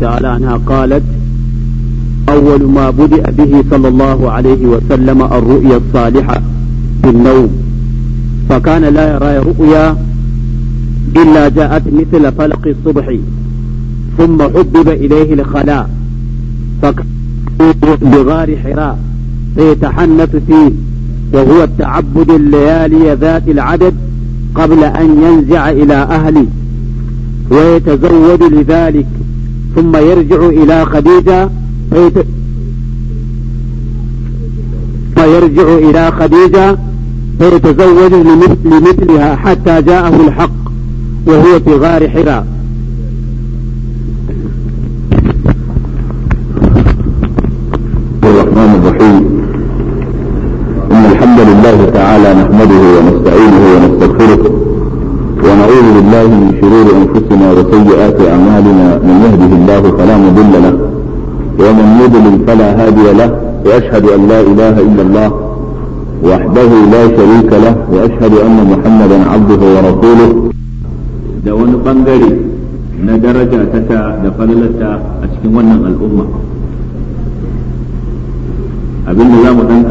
تعالى عنها قالت أول ما بدأ به صلى الله عليه وسلم الرؤيا الصالحة في النوم فكان لا يرى رؤيا إلا جاءت مثل فلق الصبح ثم حبب إليه الخلاء فكان بغار حراء فيتحنث فيه وهو التعبد الليالي ذات العدد قبل أن ينزع إلى أهله ويتزود لذلك ثم يرجع إلى خديجة فيت... طيب. فيرجع إلى خديجة فيتزوج لمثلها حتى جاءه الحق وهو في غار حراء الرحمن الرحيم إن الحمد لله تعالى نحمده ونستعينه ونستغفره ونعوذ بالله من شرور أنفسنا وسيئات أعمالنا من يهده الله فلا مضل له ومن يضلل فلا هادي له وأشهد أن لا إله إلا الله وحده لا شريك له وأشهد أن محمدا عبده ورسوله دون بنغري ندرجة تتا daraja ta ونن الامة ابن الله cikin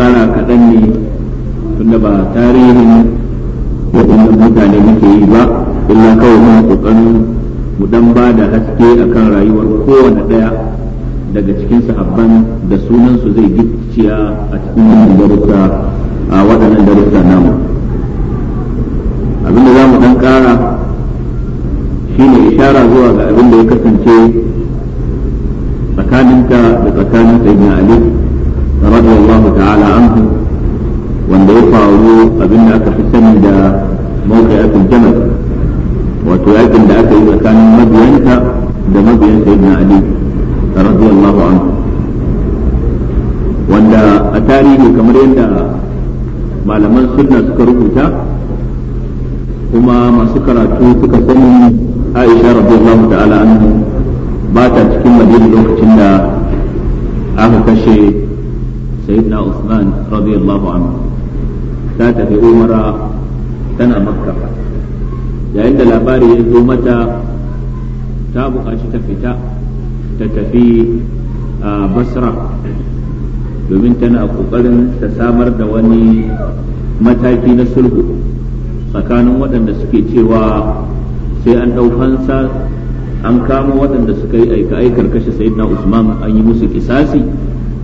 wannan al'umma abinda za waɗannan mutane muke yi ba illa kawai muna kokarin mu dan ba da haske akan rayuwar kowane ɗaya daga cikin sahabban da sunan su zai gicciya a cikin darussa a waɗannan darussa namu abinda za mu dan ƙara shine ishara zuwa ga abin da ya kasance tsakaninka da tsakanin sayyidina ali radiyallahu ta'ala anhu wanda ya faru abin da aka fi sani da mawqi'atul jamal wato yakin da aka yi tsakanin mabiyanta da mabiyan sayyidina ali radiyallahu anhu wanda a tarihi kamar yadda malaman sunna suka rubuta kuma masu karatu suka sani Aisha radiyallahu ta'ala anha ba ta cikin madina lokacin da aka kashe sayyidina Usman radiyallahu anhu ta tafi umara tana makka yayin da labari ya zo mata ta buƙaci ta fita ta tafi a basra domin tana ƙoƙarin ta samar da wani mataki na sulhu tsakanin waɗanda suke cewa sai an ɗaukansa an kama waɗanda suka yi aika-aikar kashe sayidina usman an yi musu kisasi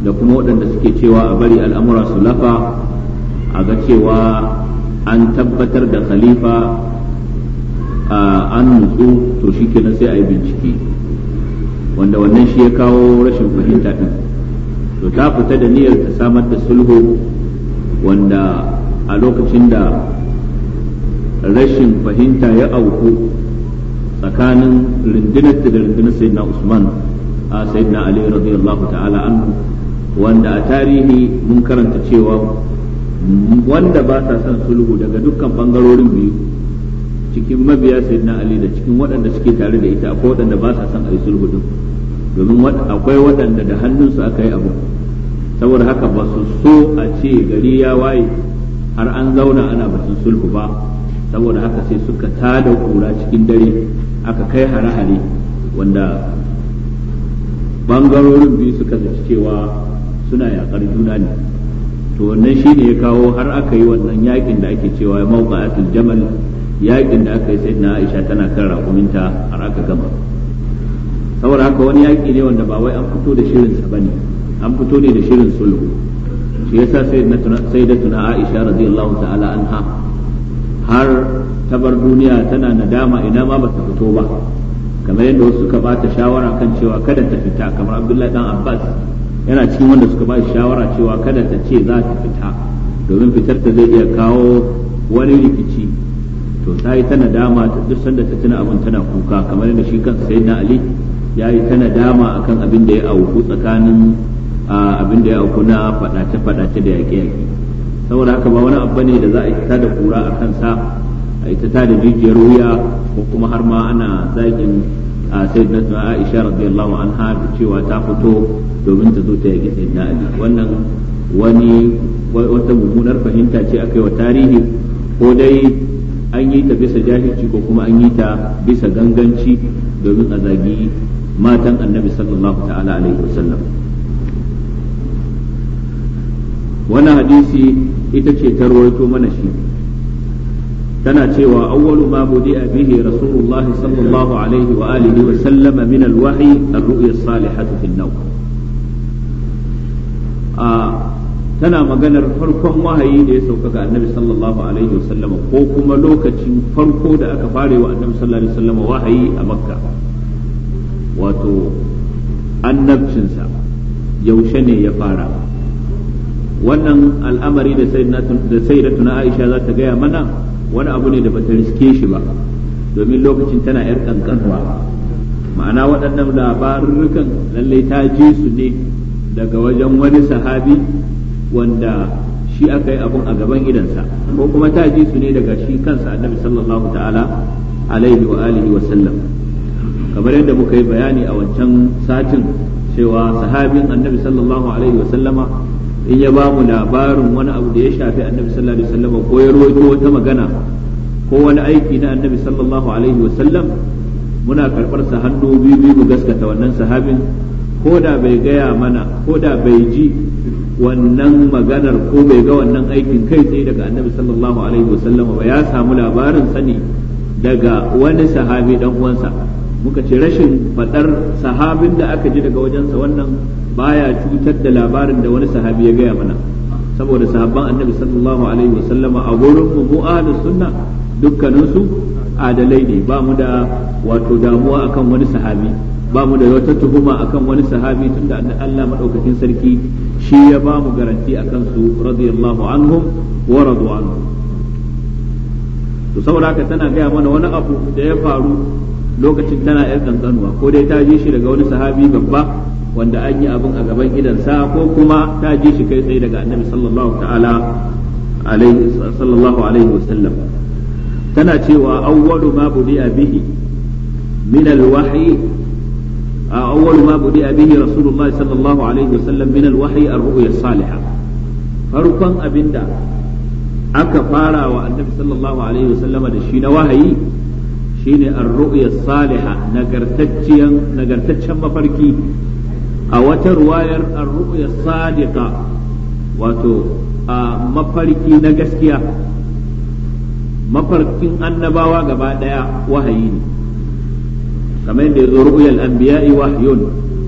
da kuma waɗanda suke cewa a bari al'amura su lafa a ga cewa an tabbatar da khalifa a an nutsu to shi kenan sai a yi bincike wanda wannan shi ya kawo rashin fahimta ɗin to ta fita da niyyar ta samar da sulhu wanda a lokacin da rashin fahimta ya auku tsakanin rundunarta da rundunar sayyidina usman a sayyidina ali radiyallahu ta'ala anhu wanda a tarihi mun karanta cewa wanda ba sa son sulhu daga dukkan bangarorin biyu cikin mabiya sayyidina ali da cikin waɗanda suke tare da ita akwai waɗanda ba sa son a yi sulhu din domin akwai waɗanda da hannunsu aka yi abu saboda haka ba su so a ce gari ya waye har an zauna ana batun sulhu ba saboda haka sai suka tada kura cikin dare aka kai hare-hare wanda bangarorin biyu suka zaci cewa suna yaƙar juna ne to wannan shi ne ya kawo har aka yi wannan yakin da ake cewa ya mauka a tuljamal yakin da aka yi sai na aisha tana kan rakuminta har aka gama saboda haka wani yaki ne wanda ba wai an fito da shirin sa bane an fito ne da shirin sulhu shi yasa sai da tuna aisha radiyallahu ta'ala anha har ta bar duniya tana nadama ina ma ba ta fito ba kamar yadda wasu suka bata shawara kan cewa kada ta fita kamar abdullahi dan abbas yana cikin wanda suka ba shawara cewa kada ta ce za ta fita domin fitar ta zai iya kawo wani rikici to ta yi ta nadama ta duk sanda ta tuna abin tana kuka kamar yadda shi kansa na ali ya yi ta nadama akan abin da ya auku tsakanin abin da ya auku na fadace fadace da yaƙe yaƙe saboda haka ba wani abu ne da za a yi ta da kura a kansa a yi ta da jijiyar wuya ko kuma har ma ana zagin a sayyidatuna Aisha radiyallahu anha cewa ta fito domin ta zo ta yaki sayyidina Ali wannan wani wata mummunar fahimta ce akai wa tarihi ko dai an yi ta bisa jahilci ko kuma an yi ta bisa ganganci domin a zagi matan annabi sallallahu ta'ala alaihi wasallam wannan hadisi ita ce ta rawaito mana shi tana cewa awwalu ma budi'a bihi rasulullahi sallallahu alaihi wa alihi wa sallama min alwahyi ar-ru'ya as-salihatu fi tana maganar farkon wahayi da ya sauka ga annabi sallallahu alaihi wa sallama ko kuma lokacin farko da aka fare wa annabi sallallahu alaihi wa wahayi a makka wato annabcinsa yaushe ne ya fara wannan al'amari da sayyidatuna aisha za ta gaya mana wani abu ne da bata riske shi ba domin lokacin tana yar kankanwa ma'ana waɗannan labarurrukan lallai ta je su ne daga wajen wani sahabi wanda shi aka yi abun a gaban idansa ko kuma ta je su ne daga shi kansa annabi sallallahu ta'ala alaihi wa alihi wa sallam kamar yadda muka yi bayani a wancan satin cewa sahabin annabi sallallahu alaihi wa sallama in ya bamu labarin wani abu da ya shafi annabi sallallahu alaihi wasallam ko ya wata magana ko wani aiki na annabi sallallahu alaihi wasallam muna karɓar sa hannu biyu biyu gaskata wannan sahabin ko da bai gaya mana ko da bai ji wannan maganar ko bai ga wannan aikin kai tsaye daga annabi sallallahu alaihi wasallam ba ya samu labarin sani daga wani sahabi dan uwansa muka ce rashin fadar sahabin da aka ji daga wajensa wannan baya cutar da labarin da wani sahabi ya gaya mana saboda sahabban annabi sallallahu alaihi wasallama a gurin mu da ahlus sunna dukkaninsu adalai ne ba mu da wato damuwa akan wani sahabi ba mu da wata tuhuma akan wani sahabi tunda Allah madaukakin sarki shi ya ba mu garanti akan su radiyallahu anhum wa radu anhu to saboda haka tana gaya mana wani abu da ya faru lokacin tana yar kankanuwa ko dai ta ji shi daga wani sahabi babba wanda an yi abin a gaban idansa ko kuma ta ji shi kai tsaye daga annabi sallallahu ta'ala alaihi sallallahu alaihi wasallam tana cewa awwalu ma budi'a bihi min alwahyi awwalu ma budi'a bihi rasulullahi sallallahu alaihi wasallam min alwahyi ar-ru'ya salihah farkon abinda aka fara wa annabi sallallahu alaihi wasallama da shi na wahayi shine ar-ru'ya salihah nagartaccen nagartaccen mafarki a wata ruwayar ar-ru'ya sadiqa wato a mafarki na gaskiya mafarkin annabawa gaba daya wahayi ne kamar yadda yazo ru'yal anbiya'i wahyun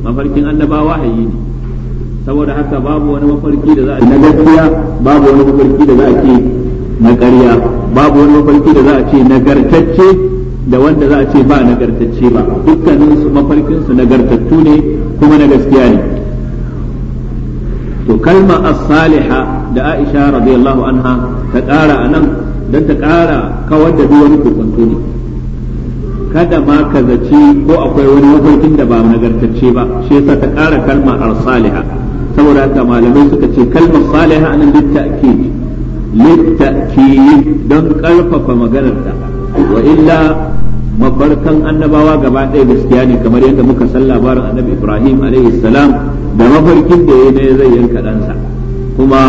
mafarkin annabawa wahayi ne saboda haka babu wani mafarki da za a na gaskiya babu wani mafarki da za a ce na ƙarya babu wani mafarki da za a ce nagartacce da wanda za a ce ba nagartacce ba dukkanin su mafarkin su nagartattu ne kuma na gaskiya ne to kalma as-saliha da Aisha radiyallahu anha ta ƙara anan dan ta ƙara kawar da duk wani kokonto ne kada ma ka zaci ko akwai wani mafarkin da ba nagartacce ba shi yasa ta ƙara kalma as-saliha saboda haka malamai suka ce kalmar saliha anan litta'kid litta'kid don ƙarfafa maganar ta wa illa mafarkan annabawa gaba ɗaya gaskiya ne kamar yadda muka san labarin annabi ibrahim alaihi salam da mafarkin da ya ne zai yanka ɗansa kuma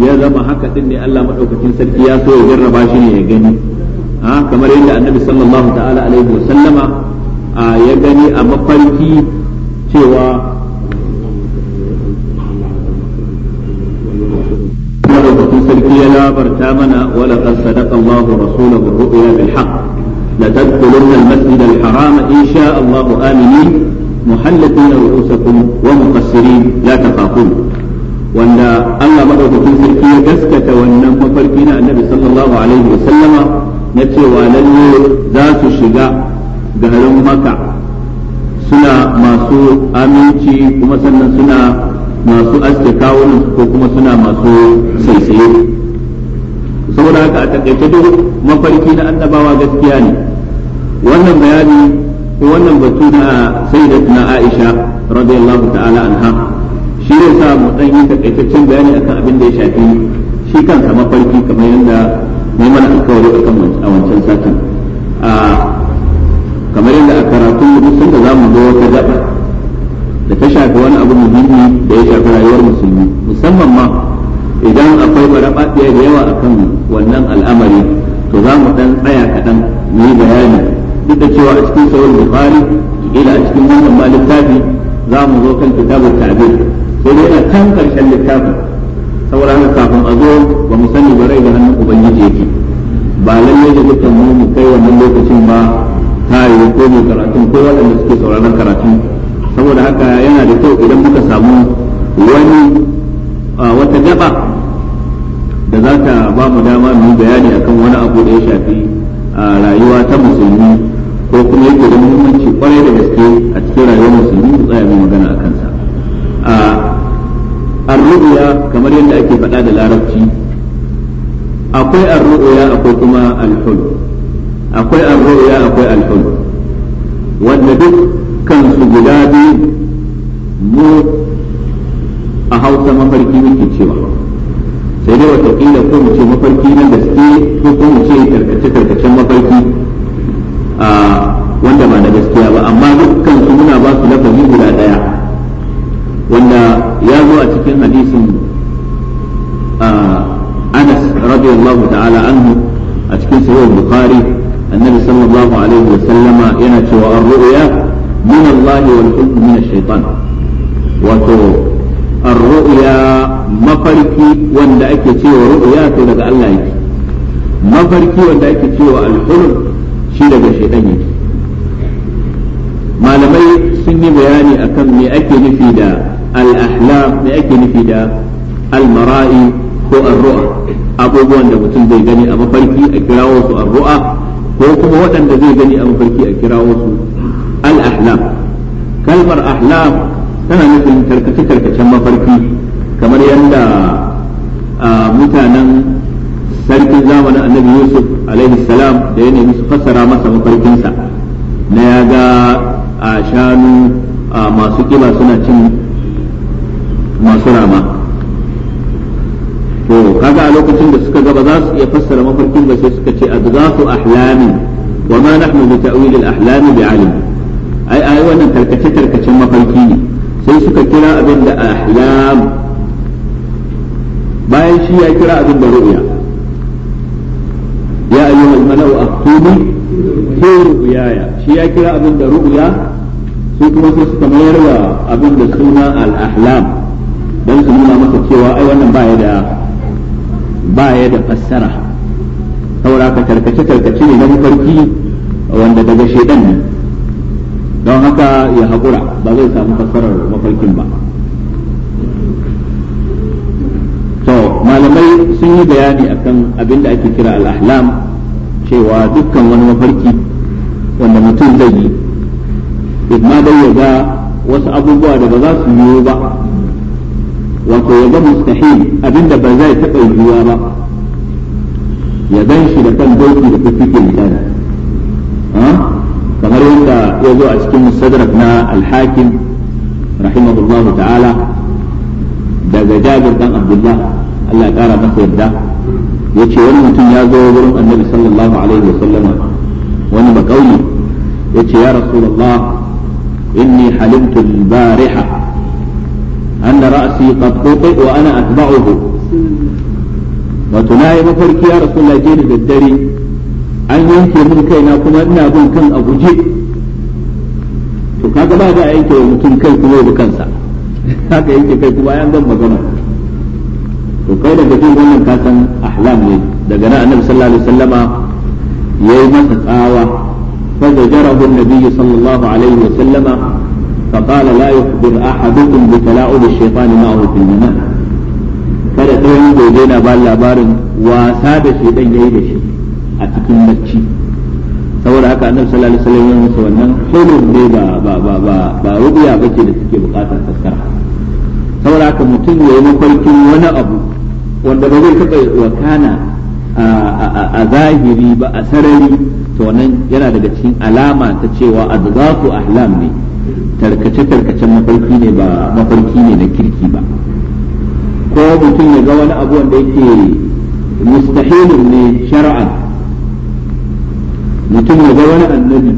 ya zama haka ɗin ne allah maɗaukakin sarki ya so ya jarraba shi ne ya gani kamar yadda annabi sallallahu ta'ala alaihi wasallama ya gani a mafarki cewa maɗaukakin sarki ya labarta mana wala kan sadaka allahu rasulahu ru'ya bil haqq لتدخلن المسجد الحرام إن شاء الله آمنين محلقين رؤوسكم ومقصرين لا تخافون وأن الله مدعوكم سركية جسكة وأن مفركين النبي صلى الله عليه وسلم نتي ولن ذات الشجاع garin maka suna masu aminci kuma sannan suna masu aske kawunan ko kuma suna masu saisaye saboda haka a takaice duk mafarki na annabawa gaskiya ne wannan bayani ko wannan batu na na Aisha radiyallahu ta'ala anha shi ne sa mu dan yi takaitaccen bayani akan abin da ya shafi shi kansa mafarki kamar yadda mai mana alƙawari akan a wancan satin a kamar yadda a karatu mu da zamu zo wata gaba da ta shafi wani abu muhimmi da ya shafi rayuwar musulmi musamman ma idan akwai barabaɗiya da yawa a kan wannan al'amari to za mu dan tsaya kaɗan mu yi bayani duk da cewa a cikin sauran bukari ila a cikin wannan ma littafi za mu zo kan kitabul tabi sai dai a can karshen littafin saboda kafin a zo ba mu sani ba rai da hannun ubangiji yake ba lalle da dukkan mu mu kai wannan lokacin ba tayo ko mu karatun ko waɗanda suke sauraron karatun saboda haka yana da kyau idan muka samu wani wata gaba da za ta ba mu dama mu yi bayani akan wani abu da ya shafi a rayuwa ta musulmi ko kuma yake da muhimmanci kwarai da gaske a cikin rayuwar musulmi ku tsaya mai magana a kansa a arru'ya kamar yadda ake faɗa da larabci akwai arru'ya akwai kuma alhul akwai arru'ya akwai alhul wanda duk kansu guda biyu mu a hausa mafarki muke cewa sai dai wata kila ko mu ce mafarki na gaske ko ko mu ce karkace karkacen mafarki a wanda ba na gaskiya ba amma dukkan su muna ba su lafazi guda daya wanda ya zo a cikin hadisin Anas radiyallahu ta'ala anhu a cikin sahih Bukhari annabi sallallahu alaihi wa sallama yana cewa ar-ru'ya min Allah wal hulm min ash-shaytan wato ar-ru'ya mafarki wanda ake cewa ruɗu ya to daga Allah yake mafarki wanda ake cewa al shi daga shaytan yake malamai sun yi bayani akan me ake nufi da al-ahlam me ake nufi da al-mara'i ko ar-ru'a abubuwan da mutum zai gani a mafarki a kirawo su ar-ru'a ko kuma waɗanda zai gani a mafarki a kirawo su al-ahlam kalmar ahlam tana nufin tarkace-tarkacen mafarki kamar yadda mutanen sarkin zamanin annabi yusuf alaihi salam da ya nemi su fassara masa mafarkinsa na ya ga a shanu masu kiba suna cin masu rama to kaga a lokacin da suka gaba za su iya fassara mafarkin ba sai suka ce adghasu ahlamin wa ma nahnu bi ta'wil al ahlami bi alim ai ai wannan tarkace tarkacen mafarki ne sai suka kira abin da ahlam bayan shi ya kira abin da ru'ya ya ayyuha al-mala'u aktuni ko ru'yaya shi ya kira abin da ru'ya su kuma sai suka mayar wa abin da suna al-ahlam dan su nuna maka cewa ai wannan baya da baya da fassara saboda ka tarkace tarkace ne na mafarki wanda daga shedan ne don haka ya haƙura ba zai samu fassarar mafarkin ba malamai sun yi bayani akan abin da ake kira al'ahlam cewa dukkan wani mafarki wanda mutum zai yi ma dai ya ga wasu abubuwa da ba za su yiwu ba wato ya ga mustahil abin da ba zai taɓa yiwuwa ba ya gan shi da kan doki da fifike misali kamar yadda ya zo a cikin musadrak na alhakim rahimahullahu ta'ala daga jabir dan abdullahi Allah ya kara masa yadda yace wani mutum ya zo wurin annabi sallallahu alaihi wa sallama wani bakauli yace ya rasulullah inni halimtu al-bariha anna ra'si qad qutai wa ana atba'uhu wato na yi mafarki ya rasulullah je da daddare an yanke mun kaina kuma ina bin kan a guje to kaga ba da yanke mutum kai kuma da kansa haka yanke kai kuma ya gama magana to kai daga jin wannan kasan ahlam ne daga nan annabi sallallahu alaihi wasallama yayi masa tsawa fa zajarahu annabi sallallahu alaihi wasallama fa qala la yukhbir ahadukum bi tala'ub ash-shaytan ma'ahu fil manam kada ɗayan gobe na ba labarin wasa da shaidan yayi da shi a cikin bacci saboda haka annabi sallallahu alaihi wasallam ya masa wannan hulun ne ba ba ba ba ba rubiya bace da suke bukatar taskara saboda haka mutum yayi mafarkin wani abu wanda ba zai taɓa wakana a zahiri ba a sarari to wannan yana daga cikin alama ta cewa adzaqu ahlam ne tarkace tarkacen mafarki ne ba mafarki ne na kirki ba ko mutum ya ga wani abu wanda yake mustahilun ne shar'an mutum ya ga wani annabi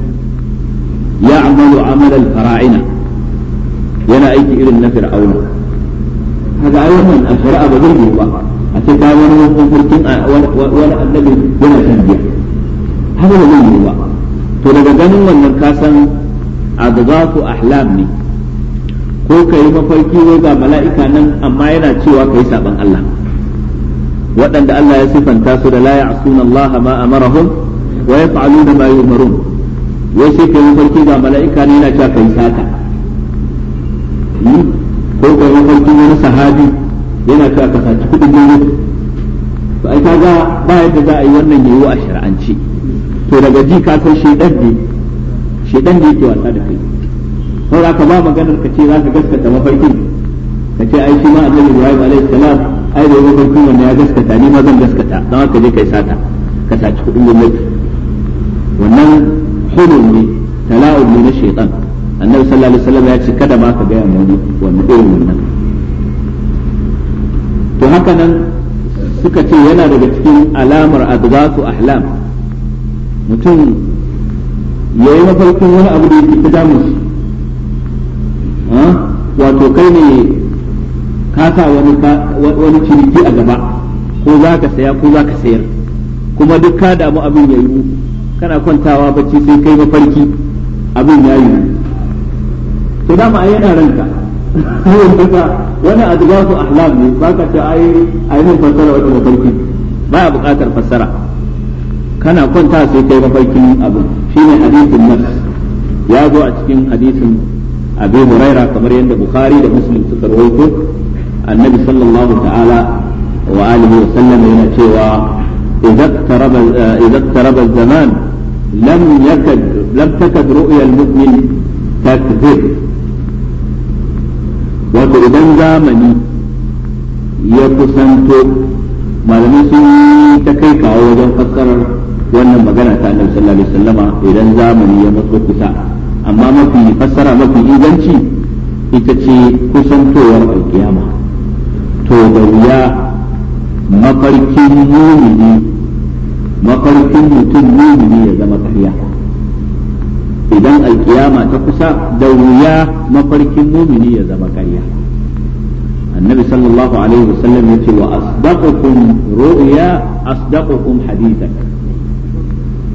ya amalu amalan fara'ina yana aiki irin na fir'auna kaga ai wannan a shari'a ba zai ba a ce ta wani wasu kurkin a wani annabi yana kan biya haka da zai yi ba to daga ganin wannan ka san adghatu ahlam ne ko ka yi mafarki wai ga mala'ika nan amma yana cewa ka yi saban Allah waɗanda Allah ya sifanta su da la ya'suna Allah ma amarahum wa yaf'aluna ma yu'marun wai sai ka yi mafarki ga mala'ika ne yana cewa ka yi sata hmm? ko ka yi mafarki wani sahabi yana ta ka saci kuɗin gwamnati to ai kaga ba yadda za a yi wannan yiwu a shari'anci to daga ji ka san shedan ne shedan ne yake wasa da kai za ka ba maganar ka ce za ka gaskata mafarkin ka ce ai shi ma annabi Ibrahim alaihi salam ai da mafarkin wanda ya gaskata ni ma zan gaskata dan haka je kai sata ka saci kuɗin gwamnati wannan hulun ne tala'ub ne na shaytan annabi sallallahu alaihi wasallam ya ce kada ma ka ga wani wannan irin wannan to haka nan suka ce yana daga cikin alamar adghasu ahlam mutum ya yi mafarkin wani abu da yake ta damu wato kai ne ka sa wani ciniki a gaba ko za ka saya ko za ka sayar kuma duk ka damu abin ya yi kana kwantawa bacci sai kai mafarki abin ya yi to dama ai yana ranka wani adbasu ahlam ne ba ka ce ai ai mun fassara wata mafarki baya bukatar fassara kana kwanta sai kai mafarkin abu shine hadisin nafs ya zo a cikin hadisin abu huraira kamar yadda bukhari da muslim suka rawaito annabi sallallahu ta'ala wa alihi wa sallam yana cewa idza taraba idza taraba zaman lam yakad lam takad ru'ya al-mu'min takdhib wato idan zamani ya kusanto malamai sun ta kai kawo wajen fassarar wannan magana ta annabi sallallahu alaihi wasallama idan zamani ya matso kusa amma mafi fassara mafi inganci ita ce kusantowar alkiyama to da wuya mafarkin mumini mafarkin mutum mumini ya zama kariya idan alkiyama ta kusa da wuya mafarkin mumini ya zama ƙarya annabi sallallahu alaihi wasallam yace wa asdaqukum ru'ya asdaqukum hadithan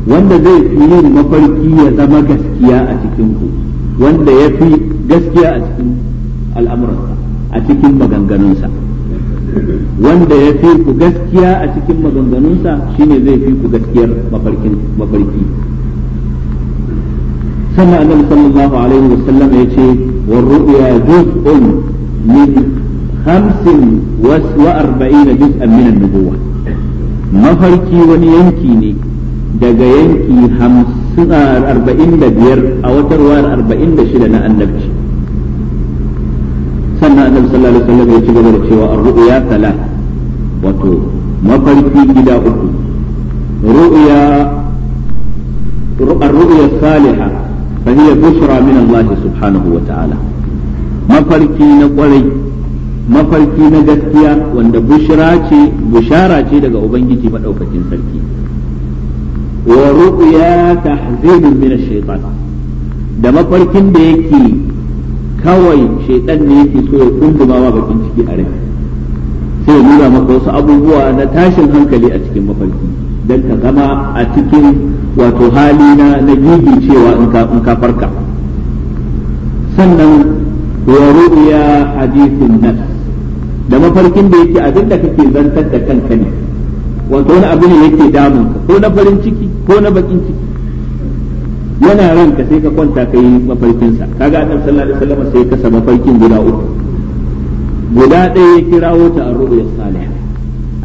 wanda zai fi yin mafarki ya zama gaskiya a cikin ku wanda ya fi gaskiya a cikin al'amuransa a cikin maganganunsa wanda ya fi ku gaskiya a cikin maganganunsa shine zai fi ku gaskiyar mafarki sannan annabi sallallahu alaihi wa sallam ya ce wa ru'ya juz'un min hamsin wa arba'ina juz'an min an wani yanki ne daga yanki hamsin arba'in da biyar a wata ruwayar arba'in da shida na annabci sannan annabi sallallahu alaihi sallam ya ci gaba da cewa ruya wato mafarki gida uku ru'ya الرؤيا fa hiya bushra min Allah mafarki na kwarai mafarki na gaskiya wanda bushra ce bushara ce daga ubangiji madaukakin sarki wa ru'ya tahzirun min ash-shaytan da mafarkin da yake kawai shaitan ne yake so ya kunduma ma bakin a rai sai ya nuna maka wasu abubuwa na tashin hankali a cikin mafarki don ka zama a cikin wato hali na na gigi cewa in ka farka sannan ya ru'ya hadisin nan da mafarkin da yake abin da kake zantar da kanka ne wato wani abu ne yake damun ka ko na farin ciki ko na bakin ciki yana ranka sai ka kwanta ka yi mafarkinsa kaga annabi sallallahu alaihi wasallam sai ka kasa mafarkin guda uku guda ɗaya ya kirawo ta a ruya salihah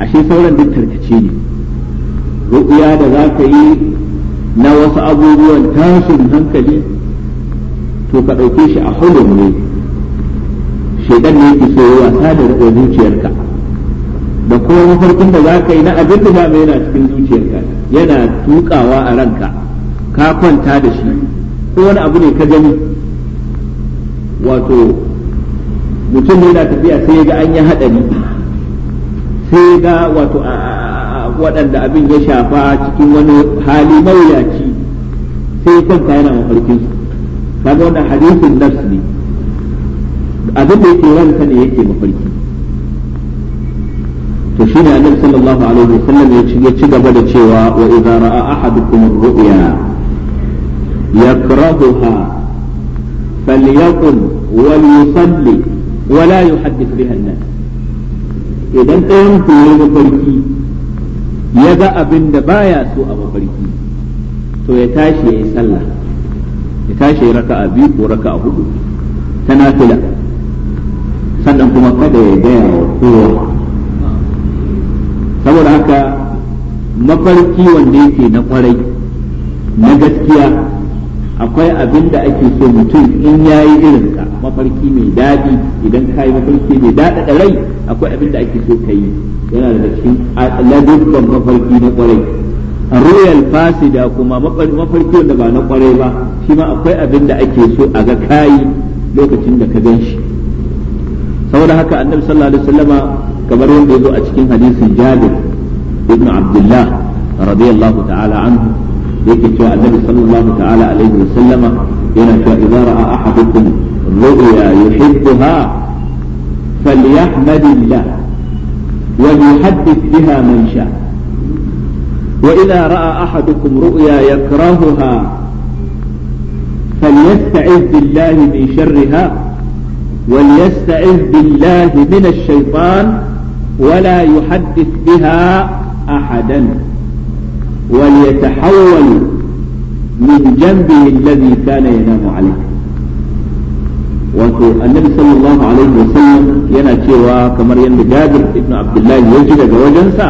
ashe sauran duk tarkace ne ru'ya da za ka yi na wasu abubuwan tashin hankali to ka ɗauke shi a hulun ne shaidan ne yake so wasa da riƙo zuciyarka da kuma mafarkin da za ka yi na abin da dama yana cikin zuciyarka yana tukawa a ranka ka kwanta da shi ko wani abu ne ka gani wato mutum ne na tafiya sai ya ga an yi haɗari sai ga wato a waɗanda abin ya shafa cikin wani hali mawuyaci sai kwanta yana mafarkin su kaga wannan hadisin nafs ne abin da yake ranka ne yake mafarki to shine annabi sallallahu alaihi wasallam ya ci gaba da cewa wa idza ra'a ahadukum ar-ru'ya yakrahuha falyaqul wal yusalli wa la yuhaddith biha an-nas idan ɗayan ku ya mafarki ya ga abin da baya so a mafarki to ya tashi ya yi sallah ya tashi ya raka a biyu ko raka a hudu ta nafila sannan kuma kada ya gaya wa kowa saboda haka mafarki wanda yake na kwarai na gaskiya akwai abin da ake so mutum in ya yi irinsa mafarki mai daɗi idan ka yi mafarki mai daɗaɗa rai akwai abin da ake so ka yi yana da cikin ladubban mafarki na kwarai royal fasida kuma mafarki wanda ba na kwarai ba shi ma akwai abin da ake so a ga kayi lokacin da ka gan shi saboda haka annabi sallallahu alaihi wasallama kamar yadda ya zo a cikin hadisin jabir ibn abdullah radiyallahu ta'ala anhu yake cewa annabi sallallahu ta'ala alaihi wasallama yana cewa idza ra'a ahadukum ru'ya yuhibbuha falyahmadillah وليحدث بها من شاء وإذا رأى أحدكم رؤيا يكرهها فليستعذ بالله من شرها وليستعذ بالله من الشيطان ولا يحدث بها أحدا وليتحول من جنبه الذي كان ينام عليه wato annabi sallallahu alaihi wasallam yana cewa kamar yadda Jabir ibn abdullahi ya ji daga wajensa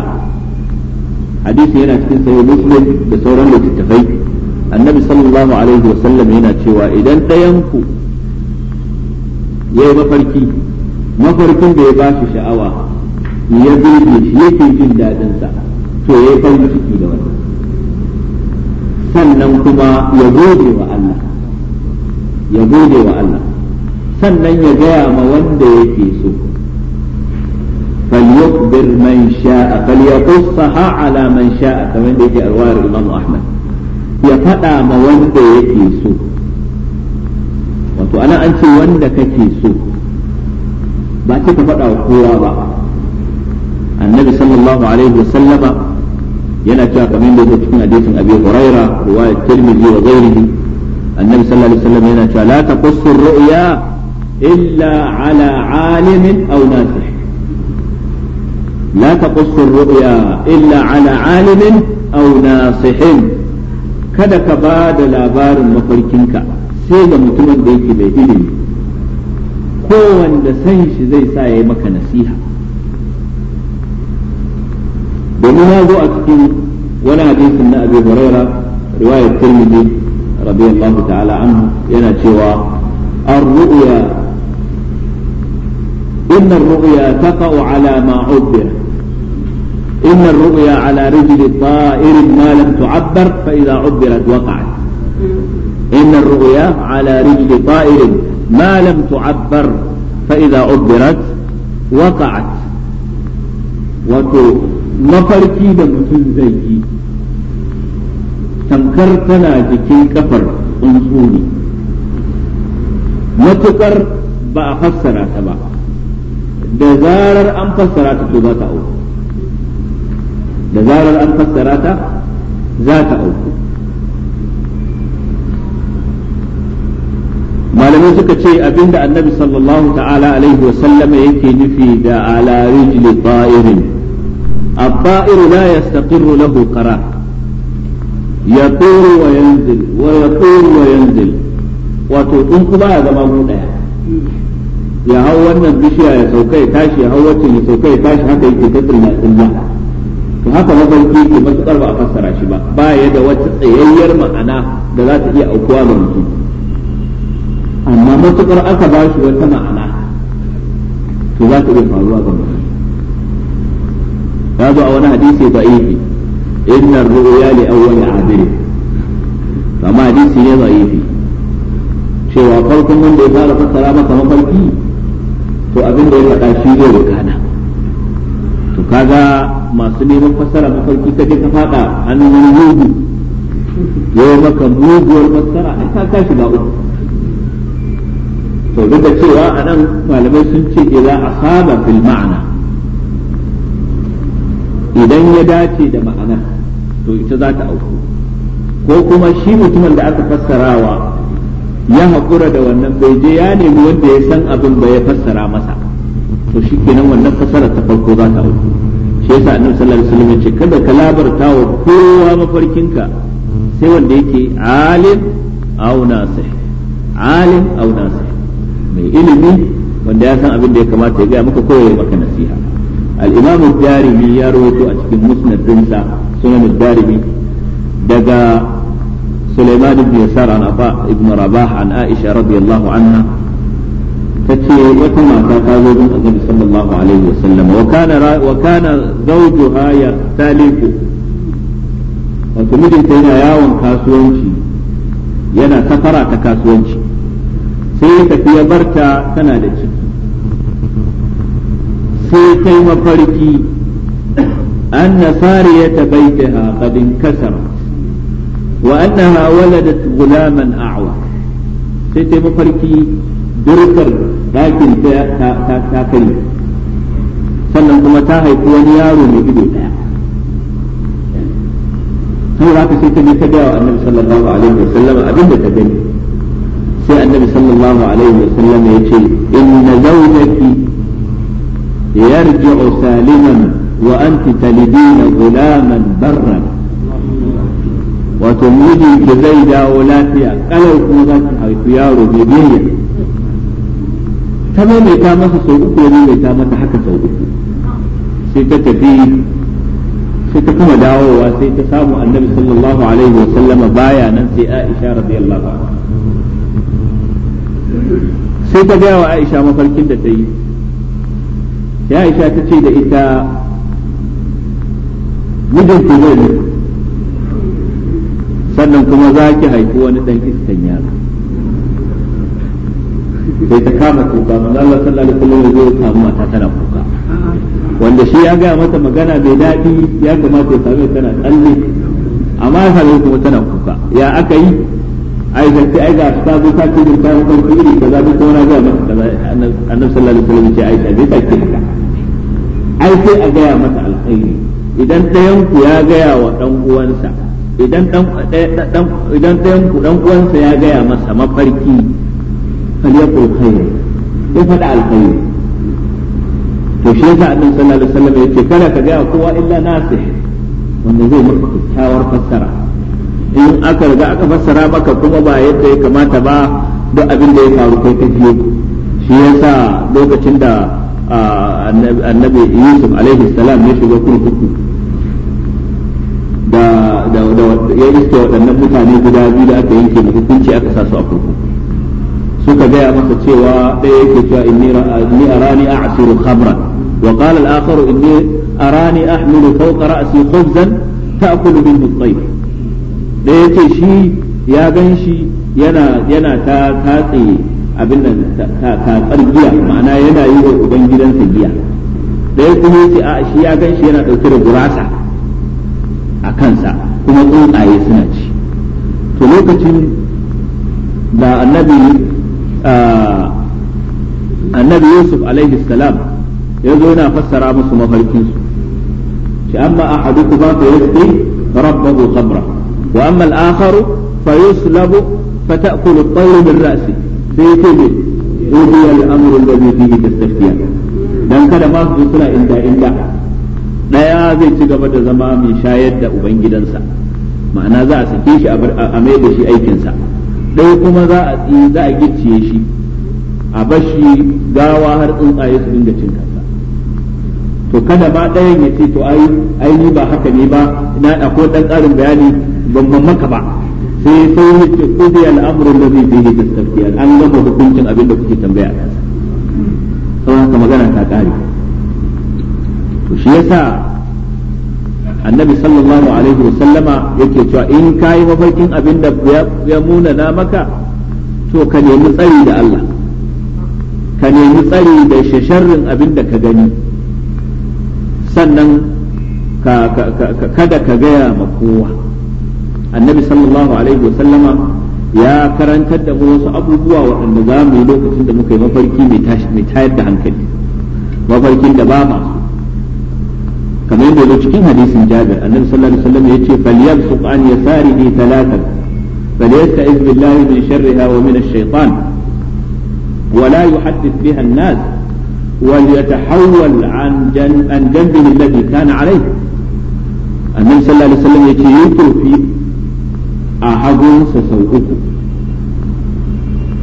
hadisi yana cikin sahih Muslim da sauran littattafai annabi sallallahu alaihi wasallam yana cewa idan ɗayanku ya yi mafarki mafarkin da ya bashi sha'awa ya birge shi yake jin daɗinsa to ya yi farin ciki da wannan sannan kuma ya gode wa Allah ya gode wa Allah sannan ya gaya ma wanda yake so falyukbir man sha'a falyaqussaha ala man sha'a kamar da yake alwar Imam Ahmad ya fada ma wanda yake so wato ana an ce wanda kake so ba ce ka faɗa wa kowa ba annabi sallallahu alaihi wasallama yana cewa kamar da yake cikin hadisin Abi Hurairah riwayat Tirmidhi wa ghairihi annabi sallallahu alaihi wasallam yana cewa la taqussu ar-ru'ya إلا على عالم أو ناسخ لا تقص الرؤيا إلا على عالم أو ناصح kada ka ba da labarin mafarkinka sai ga mutumin da yake mai ilimi ko wanda san shi zai sa ya yi maka nasiha domin ya zo a cikin wani hadisin na abu huraira riwayar tirmidhi radiyallahu ta'ala anhu yana cewa an ru'ya إن الرؤيا تقع على ما عبر إن الرؤيا على رجل طائر ما لم تعبر فإذا عبرت وقعت إن الرؤيا على رجل طائر ما لم تعبر فإذا عبرت وقعت وتو مفركي لم mutum تنكرتنا جكي كفر أنصوني متكر بأخسر تبعه da zarar an fassara ta to za ta auku da zarar an fassara ta za ta auku malamai suka ce abinda annabi sallallahu ta'ala alaihi wasallam yake nufi da ala rijli ta'irin الطائر لا يستقر له قرار يطير وينزل ويطير وينزل wato in kuma ya zama mu ya hau wannan bishiya ya sauka ya tashi ya hau wacce ya sauka ya tashi haka yake ta tsirna tsirna to haka mafarki ke matuƙar ba a fassara shi ba ba ya da wata tsayayyar ma'ana da za ta iya aukuwa ga mutum amma matuƙar aka ba shi wata ma'ana to za ta iya faruwa ga mutum ya zo a wani hadisi da'ifi inna ru'ya li awwal abiri amma hadisi ne da'ifi cewa farkon wanda ya fara fassara maka mafarki to abin da ya faɗa shi zai wakana to kaga masu neman fassara mafarki ka je ka faɗa hannun wani ya yi maka muguwar fassara a ka kashi ba uku to da cewa a nan malamai sun ce a saba fil ma'ana idan ya dace da ma'ana to ita za ta auku ko kuma shi mutumin da aka fassarawa ya haƙura da wannan bai je ya nemi wanda ya san abin ba ya fassara masa to shi kenan wannan fassara ta farko za ta auku shi yasa annabi sallallahu alaihi wasallam ya ce kada ka labarta wa kowa mafarkinka sai wanda yake alim aw nasih alim aw nasih mai ilimi wanda ya san abin da ya kamata ya ga maka ko ya maka nasiha al jarumi ya rawaito a cikin musnad sunan jarumi daga سليمان بن يسار عن عطاء بن رباح عن عائشة رضي الله عنها تتي وكما تقال النبي صلى الله عليه وسلم وكان وكان زوجها يختلف wato mijinta yana yawon kasuwanci yana safara ta kasuwanci sai ya tafi ya barta tana da ciki sai kai mafarki an na sariyata baitaha qad kasara wa annaha waladat gulaman a'wa sai ta mafarki durkar dakin ta ta kai sannan kuma ta haifi wani yaro mai ido daya saboda haka sai ta je ta wa annabi sallallahu alaihi wa sallama abin da ta gani sai annabi sallallahu wa ya ce inna zawjaki yarji'u saliman wa anti talidina gulaman barran wato miji da zai dawo lafiya kalar kuma za ki haifi yaro mai biyayya ta maimaita masa sau uku ya maimaita mata haka sau uku sai ta tafi sai ta kuma dawowa sai ta samu annabi sallallahu alaihi wa sallama baya nan sai Aisha radiyallahu anha sai ta gaya wa Aisha mafarkin da ta yi sai Aisha ta ce da ita mijinki zai sannan kuma za ki haifi wani dan iskan yaro sai ta kama kuka manzo Allah sallallahu alaihi wasallam zai kama mata tana kuka wanda shi ya gaya mata magana bai daɗi ya kamata ya same tana tsalle amma ya same kuma tana kuka ya aka yi ai da sai ai ga ta zo ta ce din ta kan kiri kaza duk wani ga mata kaza annabi sallallahu alaihi wasallam ce a yi ta ce ka ai sai a gaya mata alkhairi idan ɗayan ku ya gaya wa ɗan uwansa idan dan eh, idan ɗayan dan uwansa ya gaya masa mafarki falyakul khayr ya fada alkhairi to shi da annabi sallallahu alaihi wasallam yake kada ka gaya kowa illa nasih wanda zai maka kyakkyawar fassara in aka riga aka fassara maka kuma ba yadda ya kamata ba duk abin da ya faru kai ka biyo shi yasa lokacin da ah, annabi Yusuf alaihi salam ya shiga kurkuku ya iske waɗannan mutane guda biyu da aka yanke da hukunci aka sa su a kurku suka gaya masa cewa ɗaya yake cewa inni arani a'siru khamran wa qala al-akhar inni arani ahmilu fawqa ra'si khubzan ta'kulu minhu at-tayr ɗaya yake shi ya ganshi yana yana ta tatse abin nan tatsar giya ma'ana yana yi wa ubangidansa giya ɗaya kuma yace a shi ya ganshi yana ɗauke da gurasa a kansa kuma tsuntsaye suna ci to lokacin da annabi annabi yusuf alaihi salam ya zo yana fassara musu mafarkinsu shi amma ahadukum fa yasqi rabbahu khamra wa amma al-akharu fa yuslabu fa ta'kulu at-tayru ra'si sai yake ne udiya al-amru alladhi fihi tastaftiyan dan kada ma su suna inda inda daya zai ci gaba da zama mai shayar da ubangidansa ma'ana za a sake shi a mai da shi aikinsa ɗaya kuma za a tsi za a gicciye shi a bashi gawa har tsuntsaye su dinga cin kansa to kada ba ɗayan ya ce to ai ai ni ba haka ne ba na ko dan ƙarin bayani ban maka ba sai sai ya ce kudi al'amuran da zai fiye da an gama hukuncin abin da kuke tambaya a kansa saboda haka magana ta ƙare to shi yasa annabi sallallahu alaihi wasallama yake cewa in kayi mafarkin abin da ya munana maka to ka nemi tsari da Allah ka nemi tsari da shasharrin abin da ka gani sannan kada ka gaya ma kowa annabi sallallahu alaihi wasallama ya karantar da mu wasu abubuwa waɗanda za mu yi lokacin da muka yi mafarki mai tayar da hankali mafarkin da ba masu kamar yadda zo cikin hadisin jabir annabi sallallahu alaihi wasallam yace falyabsuq an yasarihi thalathan falyasta'iz billahi min sharriha wa min ash-shaytan wa la yuhaddith biha an-nas وليتحول عن جن عن جنبه الذي كان عليه النبي صلى a عليه وسلم يكي uku أحدهم سسوءه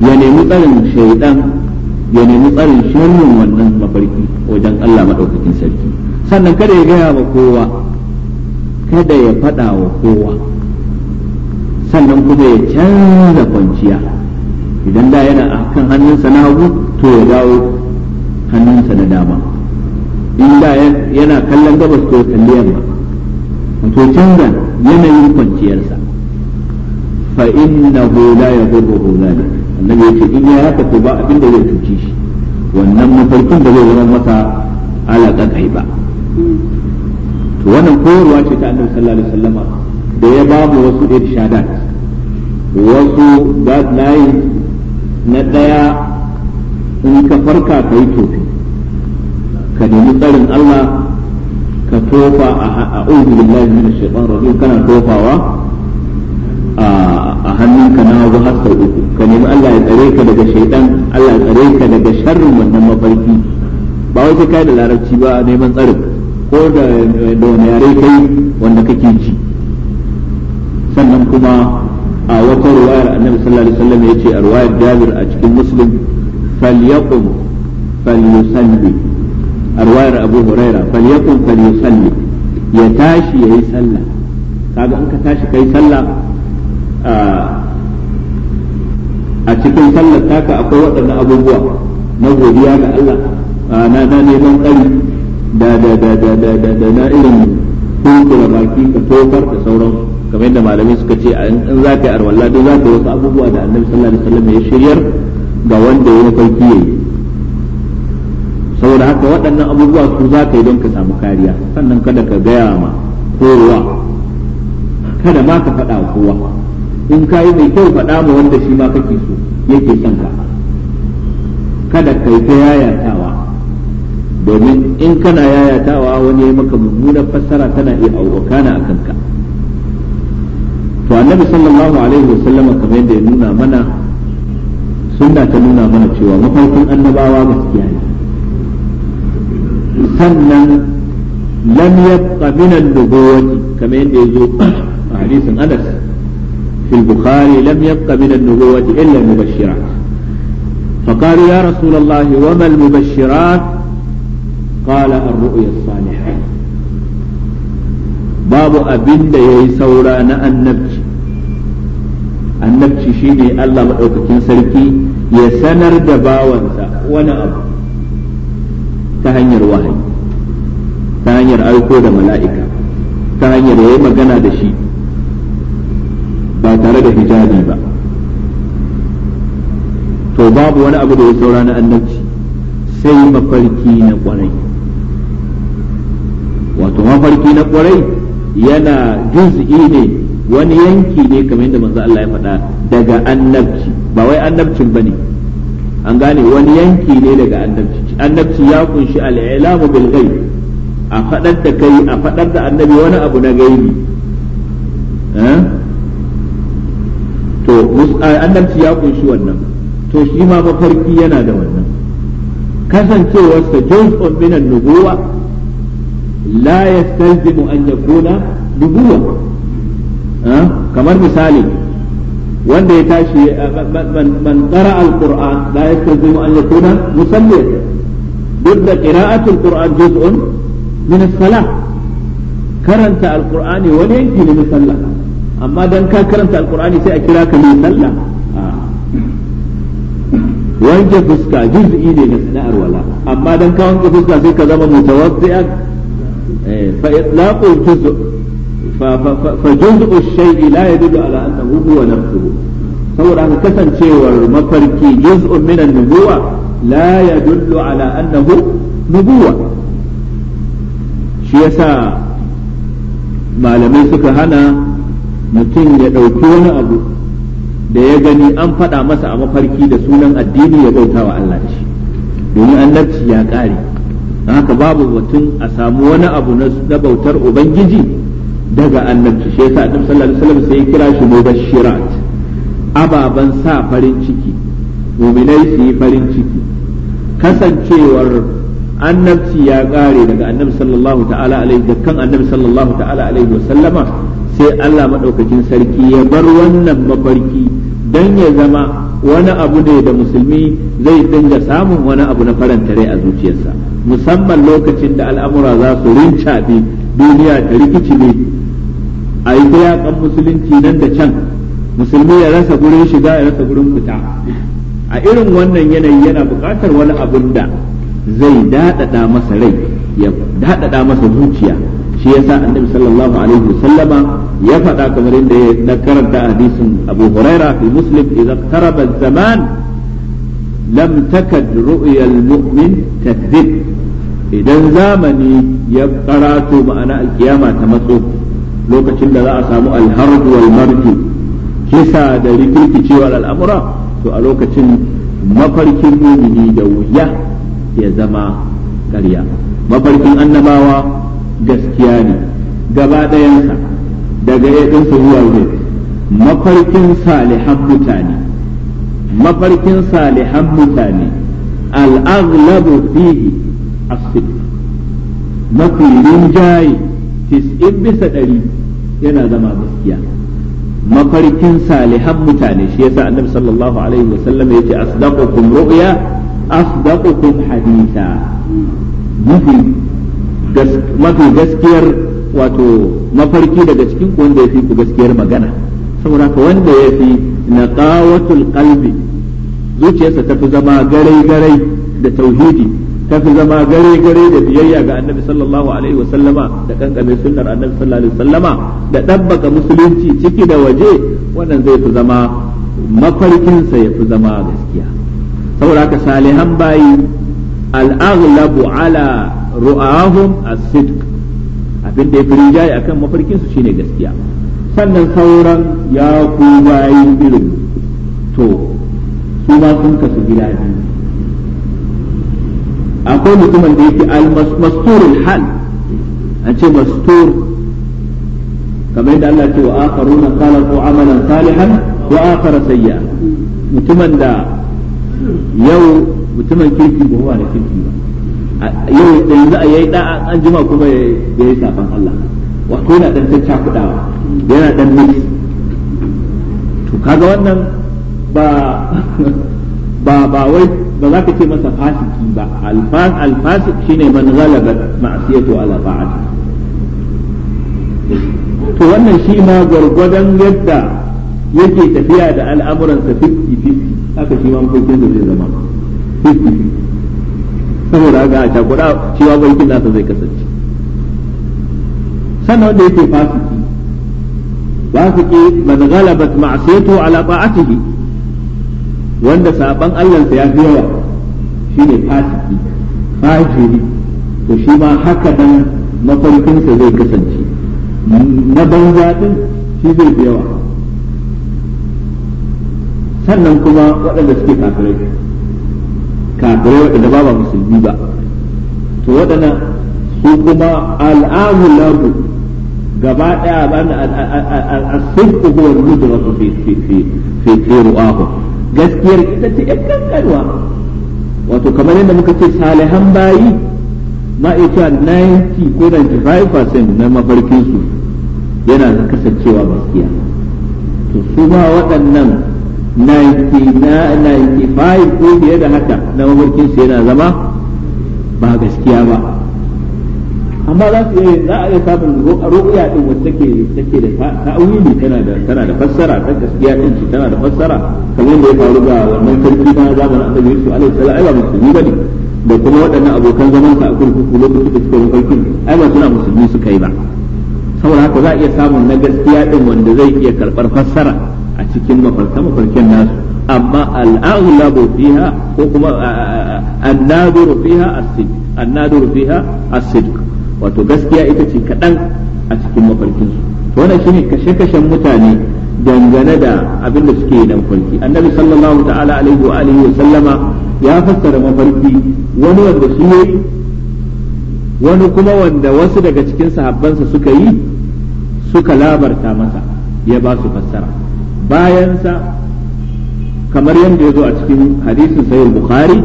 tsarin shaidan الشيطان يعني tsarin شر wannan mafarki wajen الله مدعوك sarki. sannan kada ya gaya wa kowa kada ya faɗa wa kowa sannan kuma ya canza kwanciya idan da yana a kan hannunsa na hagu to ya dawo hannunsa na dama in da yana kallon gabas to kalli yamma to canza yanayin kwanciyarsa fa innahu la yadurruhu zalik annabi yace in ya haka to ba abin da zai cuci shi wannan mafarkin da zai zama masa alaƙa kai ba to wannan koyarwa ce ta annabi sallallahu alaihi wasallama da ya ba mu wasu da irshadat wasu guidelines na daya in ka farka ka yi tofi ka nemi tsarin Allah ka tofa a a'udhu billahi minash shaitanir rajim kana tofawa a hannunka na hagu har sau uku ka nemi Allah ya tsare ka daga shaidan Allah ya tsare ka daga sharrin wannan mafarki ba wai kai da larabci ba neman tsarin ko eh, da wani yare kai wanda kake ji sannan kuma a wata ruwayar annabi sallallahu alaihi wasallam yace a ruwayar Jabir a cikin Muslim falyakum falyusalli a ruwayar Abu Huraira falyakum falyusalli ya tashi ya yi sallah kaga in ka tashi kai sallah a cikin sallar taka akwai waɗannan abubuwa na godiya ga Allah na neman tsari da da da da da da da na irin kunkura baki ka tofar da sauran kamar yadda malamai suka ce in za ka yi arwalla duk za ka wasu abubuwa da annabi sallallahu alaihi wasallam ya shiryar ga wanda ya mafarki yayi saboda haka waɗannan abubuwa su za ka yi don ka samu kariya sannan kada ka gaya ma kowa kada ma ka faɗa kowa in ka yi mai kyau faɗa ma wanda shi ma kake so yake son ka kada ka yi ta yayatawa domin in kana yayatawa wani ya maka mummunar fassara tana iya aukana a kanka to annabi sallallahu alaihi wa wasallam kamar yadda ya nuna mana sunna ta nuna mana cewa mafarkin annabawa gaskiya ne sannan lam yabqa min an-nubuwwati kamar yadda ya zo a hadisin Anas في البخاري لم يبق illa النبوة إلا المبشرات فقالوا يا رسول الله وما المبشرات qala ar-ru'ya as-salihah babu abin da yayi saura na annabci annabci shine Allah madaukakin sarki ya sanar da bawansa wani abu ta hanyar wahayi ta hanyar aiko da mala'ika ta hanyar yayi magana da shi ba tare da hijabi ba to babu wani abu da ya saura na annabci sai mafarki na kwarai wato mafarki na kwarai yana juz'i ne wani yanki ne kamar yadda manzo Allah ya faɗa daga annabci ba wai annabcin bane an gane wani yanki ne daga annabci annabci ya kunshi al-ilamu bil ghaib a faɗar da kai a faɗar da annabi wani abu na gaibi eh? to annabci ya kunshi wannan to shi ma mafarki yana da wannan Kasancewar sa juz'un minan nubuwa la yastalzimu an yakuna nubuwa kamar misali wanda ya tashi man qara al-qur'an la yastalzimu an yakuna duk da qira'atul qur'an juz'un min as-salah karanta al wani yanki ne na sallah amma dan ka karanta al sai a kira ka mai sallah wanke fuska na amma sai ka zama mutawazzi'a fa itlaqu juz' fa juz'u shay'i la yadullu ala annahu huwa nafsuhu saboda haka kasancewar mafarki juz'un min an-nubuwa la yadullu ala annahu nubuwa shi yasa malamai suka hana mutum ya ɗauki wani abu da ya gani an faɗa masa a mafarki da sunan addini ya bauta wa Allah shi domin annabci ya ƙare don haka babu mutum a samu wani abu na bautar ubangiji daga annabci shi yasa annabi sallallahu alaihi wasallam sai ya kira shi mubashirat ababan sa farin ciki muminai su yi farin ciki kasancewar annabci ya kare daga annabi sallallahu ta'ala alaihi da kan annabi sallallahu ta'ala alaihi wasallama sai Allah madaukakin sarki ya bar wannan mafarki dan ya zama wani abu ne da musulmi zai dinga samun wani abu na faranta rai a zuciyarsa musamman lokacin da al'amura za su rinca bi duniya ta rikici ne a yi yakan musulunci nan da can musulmi ya rasa gurin shiga ya rasa gurin fita a irin wannan yanayi yana buƙatar wani abun da zai daɗaɗa masa rai ya daɗaɗa masa zuciya shi yasa annabi sallallahu alaihi wasallama ya faɗa kamar yadda na karanta hadisin abu huraira fi muslim idan taraba zaman lam takad ru'yal mu'min idan zamani ya karato ma'ana alkiyama ta matso lokacin da za a samu alharbu wal kisa da rikirkicewar al'amura to a lokacin mafarkin mumini da wuya ya zama ƙarya mafarkin annabawa gaskiya ne gaba ɗayansa daga ya ɗinsa zuwa wurin mafarkin salihan mutane mafarkin salihan mutane al'aghlabu fihi a sidq mafi rinjaye tis'in bisa ɗari yana zama gaskiya mafarkin salihan mutane shi yasa annabi sallallahu alaihi wa sallam ce asdaqukum ru'ya asdaqukum haditha mafi mafi gaskiyar wato mafarki daga cikin ku wanda fi ku gaskiyar magana saboda ka wanda ya fi na ƙawatul ƙalbi zuciyarsa ta fi zama gare garai da tauhidi ta fi zama garai garai da biyayya ga annabi sallallahu alaihi wa sallama da kankanin sunnar annabi sallallahu alaihi wa sallama da ɗabbaka musulunci ciki da waje wannan zai fi zama mafarkinsa ya fi zama gaskiya saboda ka salihan bayi al'aghlabu ala ru'ahum as-sidq abin da ya fi rinjaye akan mafarkinsu shine gaskiya sannan sauran ya ku bayi irin to su ma sun kasu gida biyu akwai mutumin da yake al-masturul hal an ce mastur kamar yadda Allah ce wa akharuna khalaqu amalan salihan wa akhar sayya mutumin da yau mutumin kirki ba da kirki ba yau yanzu a yayi da'a an jima kuma ya yi safan Allah wato yana dan ta cakudawa yana dan mix to kaga wannan ba ba ba wai ba za ka ce masa fasiki ba alfas alfasik shine man ghalaba ma'siyatu ala ta'ati to wannan shi ma gwargwadon yadda yake tafiya da al'amuransa 50-50 haka shi ma mafarkin da zai zama 50-50 saboda haka a cakuɗa cewa bankin nasa zai kasance sannan wanda yake fasiki fasiki man ghalabat ma'siyatu ala ta'atihi wanda saban Allah ya fi yawa ne fasiki fajiri to shi ma haka dan mafarkin sa zai kasance na banza din shi zai fi yawa sannan kuma waɗanda suke kafirai kafirai waɗanda ba ba musulmi ba to waɗanda su kuma al'amu lahu gaba daya ban as-sidqu huwa al-mudratu fi fi fi fi ru'ahu gaskiyar ita ce ɗan kankanwa wato kamar yadda muka ce salihan bayi ma iya cewa 90 ko 95% na mafarkin su yana kasancewa gaskiya to su ma waɗannan 95 ko fiye da haka na mafarkin su yana zama ba gaskiya ba amma za su iya za a iya samun ru'ya din wacce take take da ta'awili tana da tana da fassara ta gaskiya din shi tana da fassara kamar da ya faru ga wannan sarki na zamanin annabi Yusuf alaihi salam ai ba musulmi bane da kuma waɗannan abokan zaman sa a kurkuku lokacin da suka yi farkin ai ba suna musulmi suka yi ba saboda haka za a iya samun na gaskiya din wanda zai iya karɓar fassara a cikin mafarka mafarkin nasu amma labo fiha ko kuma an fiha as-sidq an fiha as-sidq wato gaskiya ita ce kaɗan a cikin mafarkinsu wannan shine kashe-kashen mutane dangane da abin da suke dan farki annabi sallallahu ta'ala alaihi wa alihi wa sallama ya fassara mafarki wani wanda shi yayi wani kuma wanda wasu daga cikin sahabbansa suka yi suka labarta masa ya ba su fassara bayansa kamar yadda ya zo a cikin hadisin sahih bukhari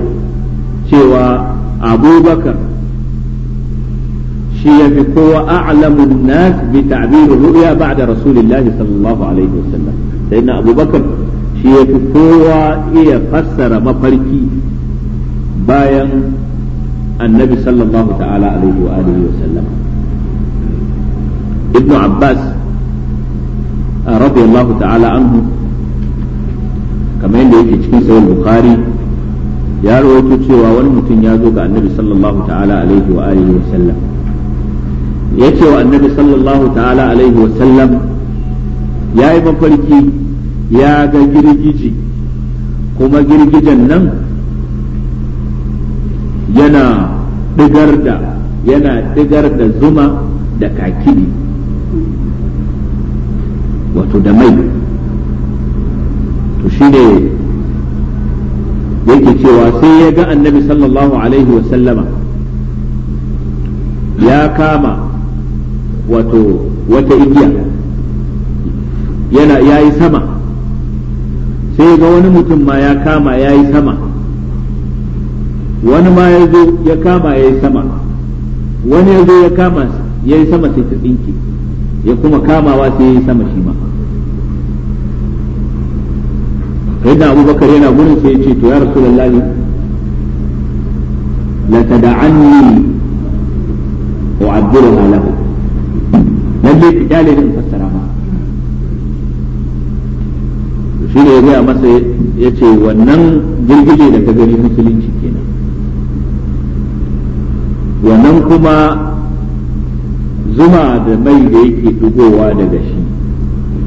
cewa abubakar shi ya fi kowa a'lamun nas bi ta'bir ru'ya ba'da rasulillahi sallallahu alaihi wasallam sayyidina abubakar shi ya fi kowa iya fassara mafarki bayan annabi sallallahu alaihi wa alihi ibn abbas uh, radiyallahu ta'ala anhu kamar yadda yake cikin sahih bukhari ya rawaito cewa wani mutum ya zo ga annabi sallallahu alaihi wa ya ce wa annabi sallallahu ta'ala alaihi ya yi mafarki ya ga girgiji kuma girgijen nan yana digar da yana digar da zuma da kakili wato da mai to shine yake cewa sai ya ga annabi sallallahu alaihi ya kama wato wata igiya yana yayi sama sai ga wani mutum ma ya kama yayi sama wani ma ya zo ya kama yayi sama wani ya zo ya kama yayi sama sai ta tsinke ya kuma kamawa sai yayi sama shi ma sai da abubakar yana gurin sai ya ce to ya rasulullahi la tada'anni u'abbiraha lahu lalle ki kyale ne fassara ma shi ne ya gaya masa ya ce wannan girgije da ka gani musulunci kenan wannan kuma zuma da mai da yake dugowa daga shi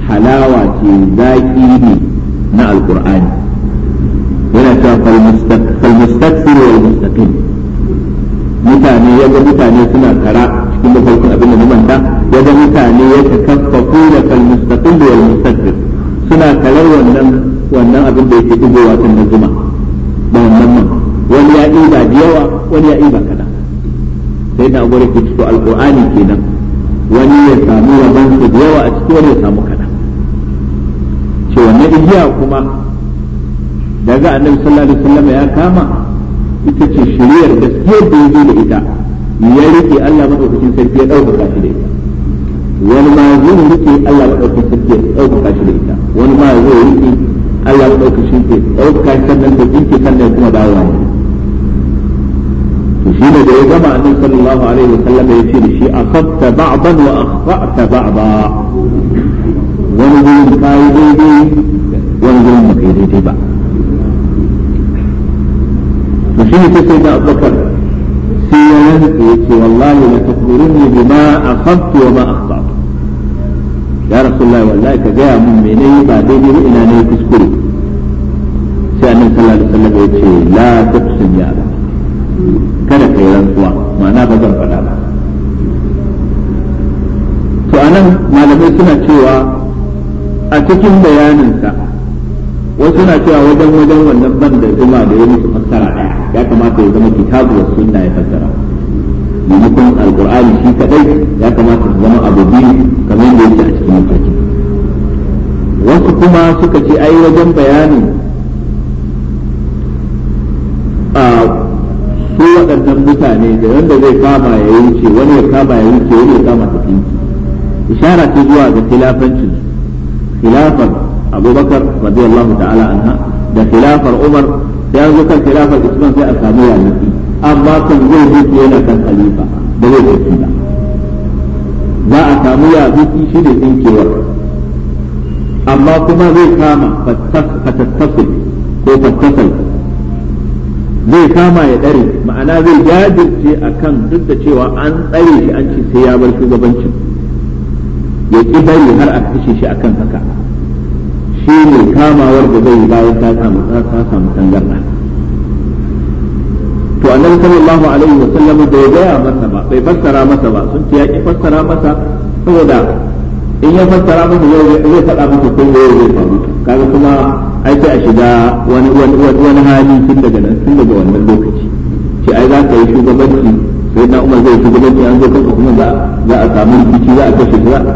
halawa ce zaki ne na alkur'ani yana cewa falmustaqfir wal mustaqim mutane yaga mutane suna kara cikin mafarkin abin da na manta wajen mutane ya takaffafu da kalmustaqil da wal mustaqil suna kalar wannan wannan abin da yake dubowa kan da zuma da wannan nan wani ya ɗiba da yawa wani ya ɗiba kada sai da gore ke cikin alƙur'ani kenan wani ya samu rabansa da yawa a cikin wani ya samu kada ce wannan igiya kuma daga annabi sallallahu alaihi wasallam ya kama ita ce shiriyar gaskiyar da ya zo da ita ya rike Allah madaukakin sarki ya ɗaukaka shi da ita wani ma zai rike Allah ya dauka shi ɗauka shi da ita wani ma zai rike Allah ya dauka shi ke ɗauka shi sannan da jinki sannan kuma dawowa to shi ne da ya gama annabi sallallahu alaihi wasallam ya ce da shi akhadta ba'dan wa akhta'ta ba'da wani gurin yi daidai wani gurin ba yi daidai ba to shi ne sai da Abubakar sai ya yanke ya ce wallahi la takburuni bima akhadtu wa ma akhta'tu ya rasulullahi wallahi ka gaya mun me ne ba daidai ba ina ne, kuskure sai annabi sallallahu alaihi wasallam ya ce la taqsim ya Allah kada ka yi rantsuwa ma'ana ba zan faɗa ba to anan malamai suna cewa a cikin bayanin sa, wasu na cewa wajen wajen wannan ban da zuma da ya musu fassara ya kamata ya zama kitabu da sunna ya fassara maimakon alkur'ani shi kadai ya kamata su zama abu biyu kamar da yake a cikin mafarki wasu kuma suka ce ai wajen bayanin a su waɗannan mutane da wanda zai kama ya wuce wani ya kama ya wuce wani ya kama ta tafi ishara ce zuwa ga khilafancin khilafar abubakar radiyallahu ta'ala anha da khilafar umar sai an zo kan khilafar usman sai a samu yanaki amma kan zai yi ke yana kan khalifa da zai tafi ba za a samu ya zuki shi ne tsinkewar amma kuma zai kama fatattasul ko fattasal zai kama ya dare ma'ana zai jajirce a kan duk da cewa an tsaye shi an ce sai ya bar shugabancin ya ƙi bari har a kashe shi kan haka shi ne kamawar da zai bayan ta samu ta samu to annabi sallallahu alaihi wa sallam bai gaya masa ba bai fassara masa ba sun ce ya ki fassara masa saboda in ya fassara masa yau zai faɗa masa ko yau zai faru kaga kuma ai sai a shiga wani wani wani hali tun daga nan tun daga wannan lokaci ce ai za ka yi shugabanci sai na umar zai shugabanci an zo kanka kuma za za a samu rikici za a kashe za to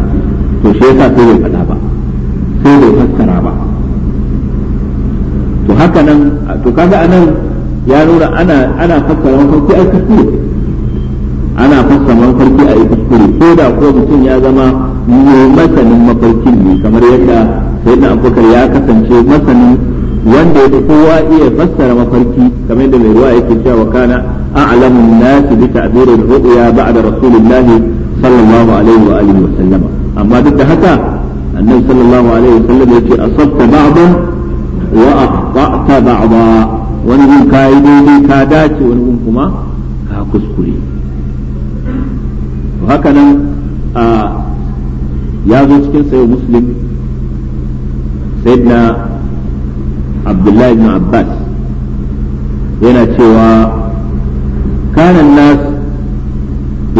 shi yasa sai bai faɗa ba sai bai fassara ba to haka nan to kaga anan ya nuna ana ana fassara mafarki a kuskure ana fassara mafarki a kuskure ko da ko mutum ya zama masanin mafarkin ne kamar yadda sai na abubakar ya kasance masanin wanda ya kowa iya fassara mafarki kamar yadda mai ruwa yake cewa kana a'lamun nasi bi ta'biril ru'ya ba'da rasulillahi sallallahu alaihi wa alihi wa sallama amma duk da haka annabi sallallahu alaihi wa sallam yace asabta ba'dan wa akhta'ta ba'dan wani gun ka yi daidai ka dace wani gun kuma ka kuskure to haka nan a ya zo cikin sayo muslim sayyidina abdullahi ibn abbas yana cewa كان الناس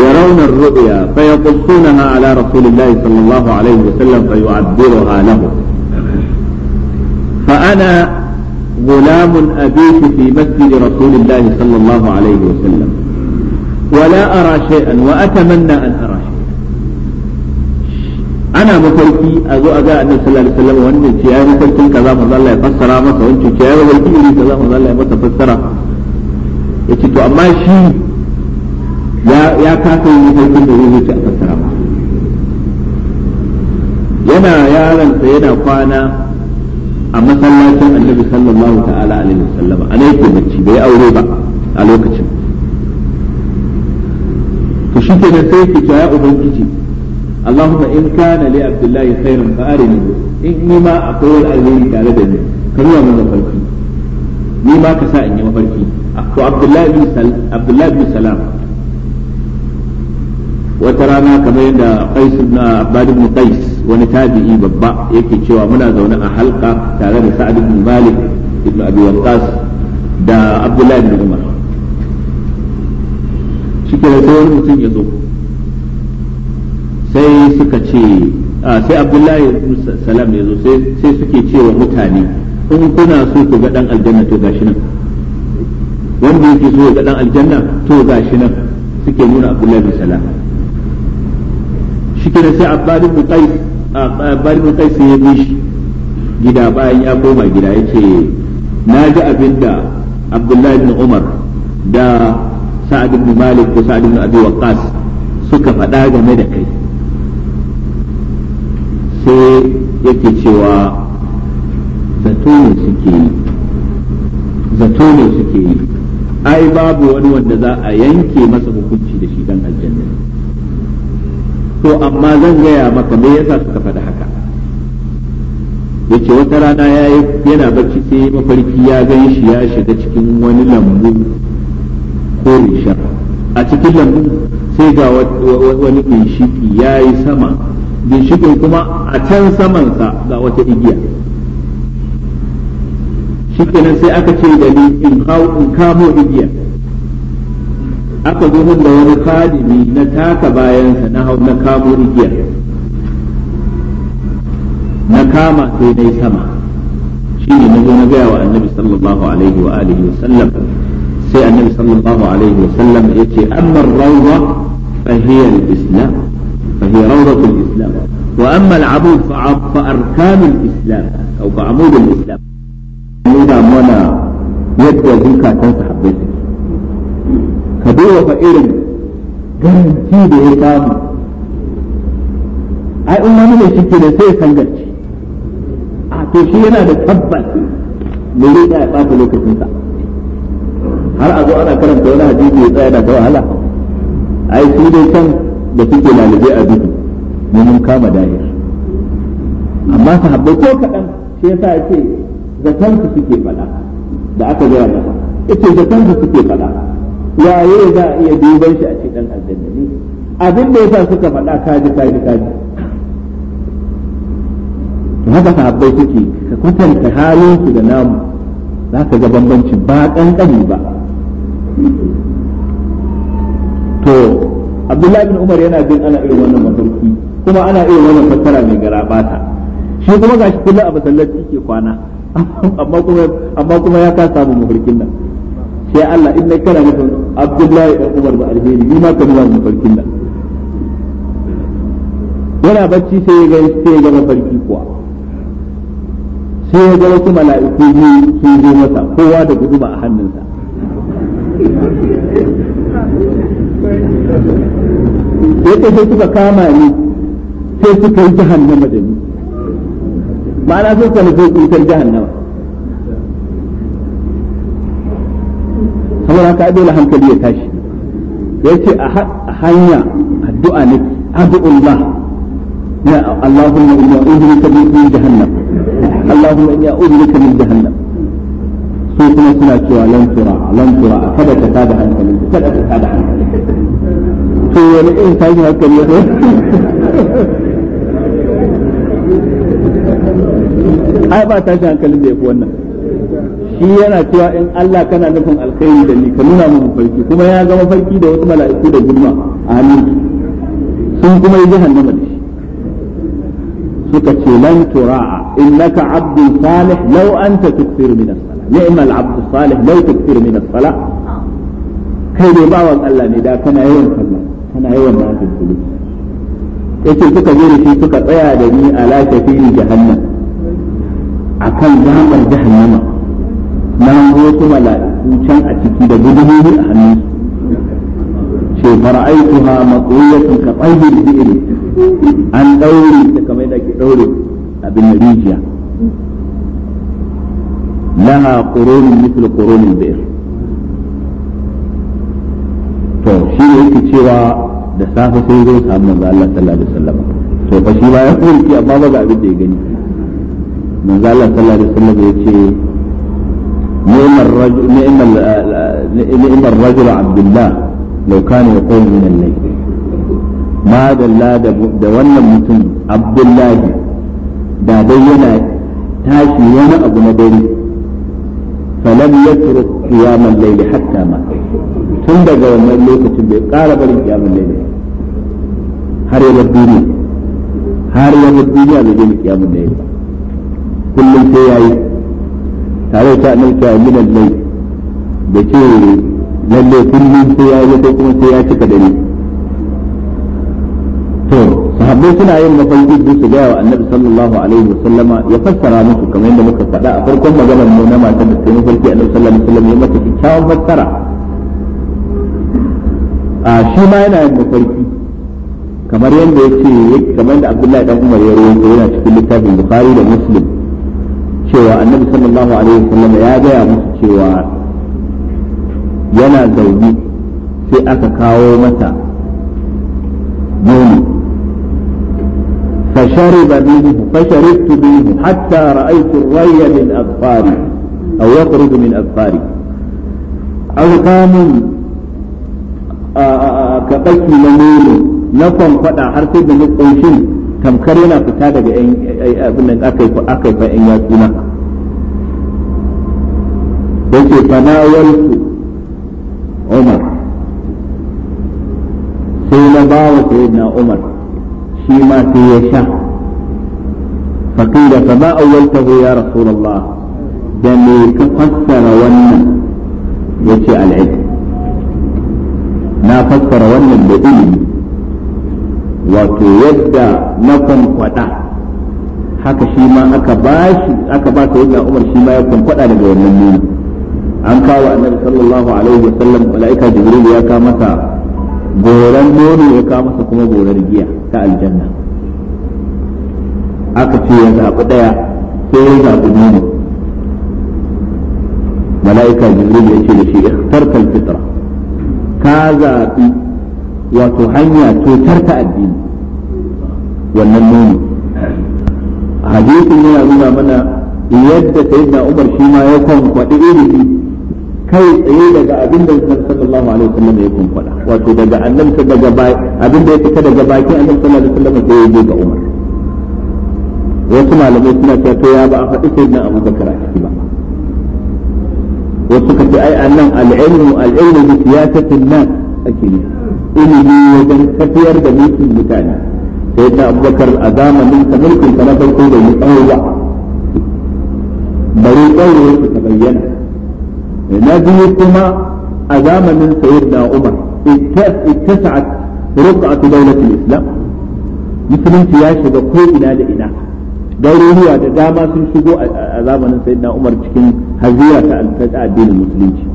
يرون الرؤيا فيقصونها على رسول الله صلى الله عليه وسلم فيعبرها فأنا غلام أبيك في مسجد رسول الله صلى الله عليه وسلم ولا أرى شيئا وأتمنى أن أرى شيئا أنا مفلكي أزو أجا النبي صلى الله عليه وسلم وأن يا مفلكي كذا ما الله يفسر ما وأن يا مفلكي كذا ما الله يفسر yace to amma shi ya ya kasa yin mafarkin da zai ci a fassara ba yana yaransa yana kwana a masallacin annabi sallallahu ta'ala alaihi wasallam a nan yake bacci bai aure ba a lokacin to shi ke nan sai ki ya ubangiji Allahumma in kana li abdullahi khairan fa arini in ni ma akwai alheri tare da ni ka nuna min mafarki ni ma ka sa in yi mafarki to abdullahi bin abdullahi bin salam wata rana kamar yadda qais ibn abbad ibn qais wani tabi'i babba yake cewa muna zaune a halka tare da sa'ad ibn malik ibn abi waqqas da abdullahi ibn umar shike da sai wani mutum ya zo sai suka ce sai abdullahi ibn salam ya zo sai suke cewa mutane in kuna so ku ga dan aljanna to gashi nan wanda yake so ya ga dan aljanna to gashi nan suke nuna abdullahi ibn salam kira sai abbad ibn qais qais ya bi shi gida bayan ya koma gida yace na ji abinda abdullahi ibn umar da sa'ad ibn malik ko sa'ad ibn abi waqqas suka faɗa game da kai sai yake cewa zato ne suke yi zato ne suke yi ai babu wani wanda za a yanke masa hukunci da shi dan aljanna to amma zan gaya maka me yasa suka faɗi haka yace wata rana yayi yana bacci sai mafarki ya gani shi ya shiga cikin wani lambu ko rishar a cikin lambu sai ga wani ginshiki ya yi sama ginshikin kuma a can saman sa ga wata igiya shi kenan sai aka ce da ni in kamo igiya aka zo min da wani kalimi na taka bayansa na hau na kamo igiya na kama sai dai sama shi ne na zo na gaya wa annabi sallallahu alaihi wa alihi wasallam sai annabi sallallahu alaihi wasallam ya ce amma rawda fa hiya al-islam fa hiya rawdatu al-islam wa amma al-abud fa arkan al-islam aw fa amud al-islam mun da mana yadda ta sahabbai ka duba irin garanti da ya samu ai in wani mai shi ne sai sangarci a to shi yana da tabbas me ne ya bata sa har a zo ana karanta wani hadisi ya tsaya da ta wahala ai su dai san da suke lalube a duhu ne mun kama dahir amma habbo ko kaɗan shi yasa ya ce zaton su suke faɗa da aka gaya masa ita zaton su suke faɗa yaye za a iya duban shi a cikin aljanna ne abin da yasa suka faɗa ka kaji kaji ji haka sahabbai suke ka kwatanta halin su da namu za ka ga bambanci ba ƙanƙani ba to abdullahi bin umar yana jin ana irin wannan mafarki kuma ana irin wannan fassara mai garabata shi kuma gashi kullum a masallaci yake kwana amma kuma ya kasa mu mafarkin nan ya Allah in na kira nufin Abdullahi Umar ba alheri ni ma ka nuna farkin da yana bacci sai ya ga sai ya ga mafarki kuwa sai ya ga wasu mala'iku biyu su zo masa kowa da guduma a hannunsa yadda sai suka kama ni sai suka yi jahannama da ni ma'ana sun sanu kai cutar jahannama saboda haka dole hankali ya tashi ce a hanya addu'a ne addu'ullah ya Allahumma inna a'udhu bika min jahannam Allahumma inna a'udhu bika min jahannam su kuma suna cewa lan tura lan tura kada ka tada hankali kada ka tada hankali to wani in tashi hankali ne ai ba tashi hankali da yafi wannan shi yana cewa in Allah kana nufin alkhairi da ni ka nuna mu mafarki kuma ya ga mafarki da wasu mala'iku da gulma a hannun sun kuma yi jahannama da shi suka ce lan tura'a innaka abdun salih law anta tukthir min as-salah ni'mal abdu salih law tukthir min as-salah kai ne bawan Allah ne da kana yawan sallah kana yawan nafil yace suka zo da shi suka tsaya da ni ala kafiri jahannam akan zaman jahannama nan wasu mala'iku can a ciki da gudunoyi a hannu ce fara'aituha maqiyatan ka qalbi bi'ri an daure ta kamar da ke daure abin rijiya laha qurunun mithlu qurunil bi'r to shi ne yake cewa da safe sai zai samu manzo Allah sallallahu alaihi wasallam to fa shi ba ya kurki amma ba ga abin da ya gani manzo Allah sallallahu alaihi wasallam ya ce نعم الرجل نعم الرجل عبد الله لو كان يقول من الليل ما دلا da wannan mutum abdullahi da dai yana tashi wani abu na dare falam yatruk qiyamal layl hatta ma tun daga wannan lokacin bai ƙara barin qiyamal layl har ya bar duniya har ya bar duniya sai yayi tare ta annabi min al-layl da ke lalle kullum sai ya yi ko kuma sai ya cika dare to sahabbai suna yin mafarki duk su gaya wa annabi sallallahu alaihi wa sallama ya fassara musu kamar yadda muka faɗa a farkon maganar mu na matan da sai mafarki annabi sallallahu alaihi wa sallam ya mata kyakkyawan fassara a shi ma yana yin mafarki kamar yadda ya ce kamar da abdullahi dan umar ya rawaito yana cikin littafin bukhari da muslim cewa annabi sallallahu alaihi wasallam ya gaya musu cewa yana zaune sai aka kawo mata nono فشرب منه فشربت منه حتى رأيت الري من أظفاري أو يطرد من أظفاري أو قام كبكي لميل نقم فتح حرفي من القوشين tamkar yana fita daga abin da aka yi aka yi fa'in ya suna yake fanawaltu umar sai na ba wa sayyidina umar shi ma sai ya sha faƙila fa ma awwaltahu ya rasulullah da me ka fassara wannan yace al'id na fassara wannan da ilimi wato yadda na kwankwada haka shi ma aka ba shi aka ba ka yadda umar shi ma ya kwankwada daga wannan nuna an kawo annabi sallallahu alaihi wasallam malaika jibril ya ka masa goran nono ya ka masa kuma gorar giya ta aljanna aka ce ya zaɓi ɗaya sai ya zaɓi nono malaika jibril ya ce da shi ikhtarka fitra ka zaɓi wato hanya cutar ta addini wannan nuni hadisin yana nuna mana yadda sayyidina Umar shi ma ya kwankwaɗi ilimi kai tsaye daga abin da sallallahu alaihi wasallam ya kwankwaɗa wato daga annabi daga abin da ya fita daga bakin annabi sallallahu alaihi wasallam sai ya je ga Umar wasu malamai suna cewa to ya ba a faɗi sayyidina Abu Bakar a ciki ba wasu ka ce ai annan al-ilmu al-ilmu bi siyasatin nas ake nufi ilimi wajen tafiyar da mulkin mutane sai ta abubakar a zamanin ka mulkin ka na farko da yi tsawo ba bari tsawo su ta bayyana na biyu kuma a zamanin sayyid na umar a ruqatu dawlatul islam musulunci ya shiga ko ina da ina garuruwa da dama sun shigo a zamanin sayyid na umar cikin haziya ta addinin musulunci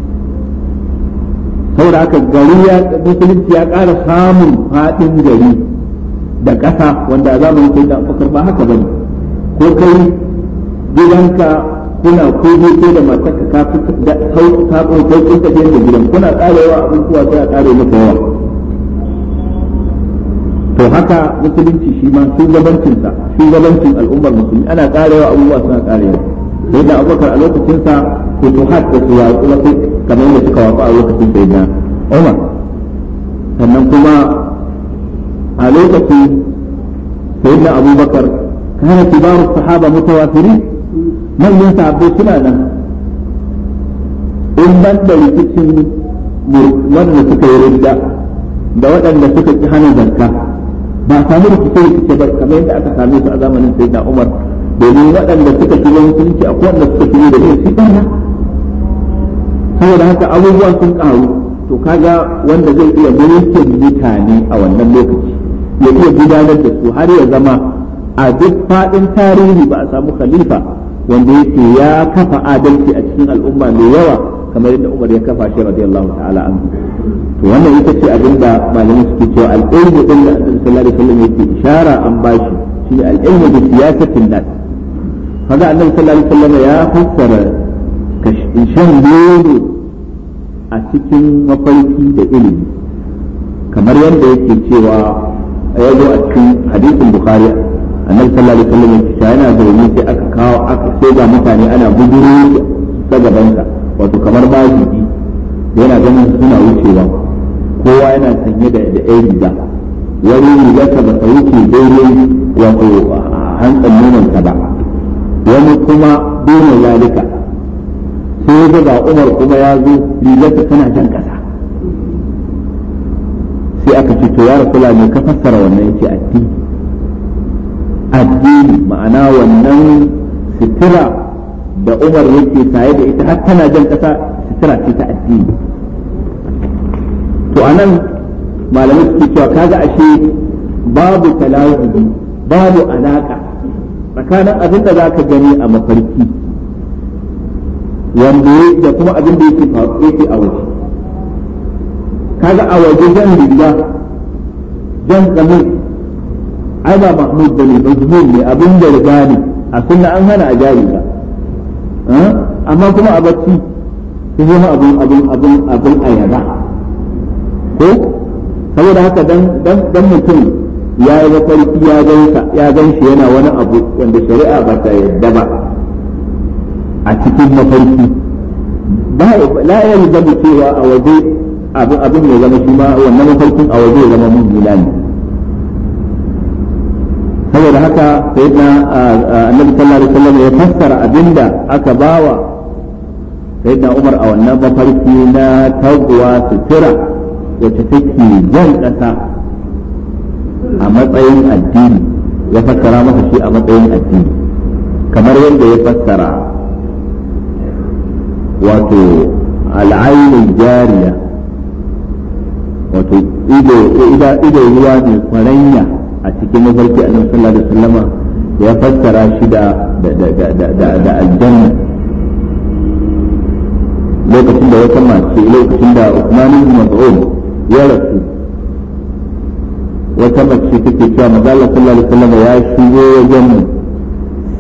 saboda haka gari ya musulunci ya ƙara samun faɗin gari da ƙasa wanda a zamanin sai da fakar ba haka bane ko kai gidanka kuna ko ko da matarka ka fi da ko ko tafiyar da gidan kuna ƙara yawa abubuwa sai a ƙara maka yawa to haka musulunci shi ma shugabancinsa gabancin al'ummar musulmi ana ƙara yawa abubuwa suna ƙara yawa sai da abubakar a sa futuhat da su kuma wasu kamar yadda suka wasu a lokacin sai na Umar sannan kuma a lokacin sai na Abubakar kana kibaru sahaba mutawafiri manyan sahabbai suna nan in ban da rikicin wanda suka yi rinda. da waɗanda suka ki hana zarka ba samu rikice rikice ba kamar yadda aka same su a zamanin sai na Umar domin waɗanda suka shiga mutunci a kowanne suka shiga da laifi ɗaya saboda haka abubuwan sun karu to kaga wanda zai iya mulkin mutane a wannan lokaci ya iya gudanar da su har ya zama a duk faɗin tarihi ba a samu khalifa wanda yake ya kafa adalci a cikin al'umma mai yawa kamar yadda Umar ya kafa shi radiyallahu ta'ala anhu to wannan ita ce abinda malamin suke cewa al'ilmu din da Annabi sallallahu alaihi yake ishara an bashi shi ne al'ilmu bi siyasatin nas kaga Annabi sallallahu alaihi ya fassara kashin dole a cikin mafarki da ilimi kamar yadda yake cewa ya zo a cikin hadisin bukhari annabi sallallahu alaihi wasallam yana zaune sai aka kawo aka soja mutane ana guduru ta wato kamar majiji yana ganin suna wucewa kowa yana sanye da da ɗaya riga wani rigarsa ba ta wuce daidai wato hantsan nononsa ba wani kuma dole zalika sai ga ga Umar kuma ya zo rigarsa tana jan kasa sai aka ce to ya rasula ne ka fassara wannan yace addini addini ma'ana wannan sitira da Umar yake saye da ita har tana jan kasa sitira ce ta addini to anan malamai suke cewa kaga ashe babu talawuzi babu alaka tsakanin abin da za ka gani a mafarki wanda da kuma abin da yake yake a waje kaga a waje jan riga jan kamin ai ba mahmud bane majnun ne abin da riga ne a sunna an hana a jari ba eh? amma kuma a bacci sai zama abin abin abin abin ayaba ko saboda haka dan dan dan mutum ya yi mafarki ya gan ya yana wani abu wanda shari'a ba ta yadda ba a cikin mafarki la ya zama cewa a waje abin ya zama shi ma wannan mafarkin a waje ya zama mun gila ne saboda haka sai na annabi sallallahu alaihi wasallam ya fassara abinda aka bawa sayyidina Umar a wannan mafarki na taguwa sutura wacce take jan kasa a matsayin addini ya fassara masa shi a matsayin addini kamar yadda ya fassara wato al'ainin jariya wato ido ruwa ne kwaranya a cikin mafarki a sallallahu alaihi wasallama ya fassara shi da da aljanna lokacin da wata mace lokacin da Uthman ibn Mas'ud ya rasu wata mace take cewa manzo Allah sallallahu alaihi wasallama ya shigo wajen mu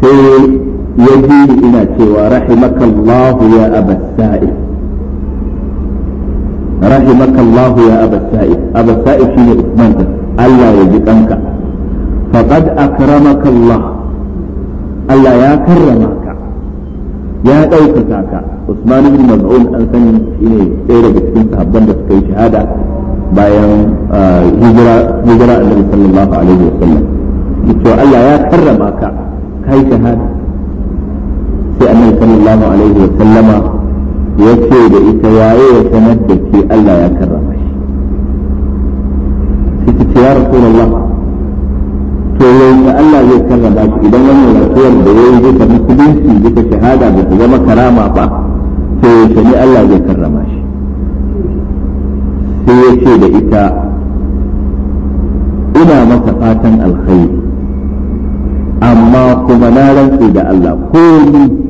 sai yaji ina cewa rahimakallahu ya abas rahimakallahu ya abas sa'id shi ne usman ta Allah ya ji kanka faqad akramakallah Allah ya karrama ka ya ɗaukaka ka Usman ibn Mas'ud an shi ne ɗaya daga cikin sahabban da suka yi shahada bayan ah, hijira hijira Annabi sallallahu alaihi wasallam to Allah ya karrama ka kai shahada sai annabi sallallahu alaihi wa sallama ya ce da ita waye ya sanar da ke Allah ya karrama shi sai ta ce ya rasulullah to yanzu Allah zai karrama shi idan wannan rasuwar da yayi duka musulunci duka shahada da ta zama karama ba to yaushe ne Allah zai karrama shi sai ya ce da ita ina masa fatan alkhairi amma kuma na rantse da Allah ko ni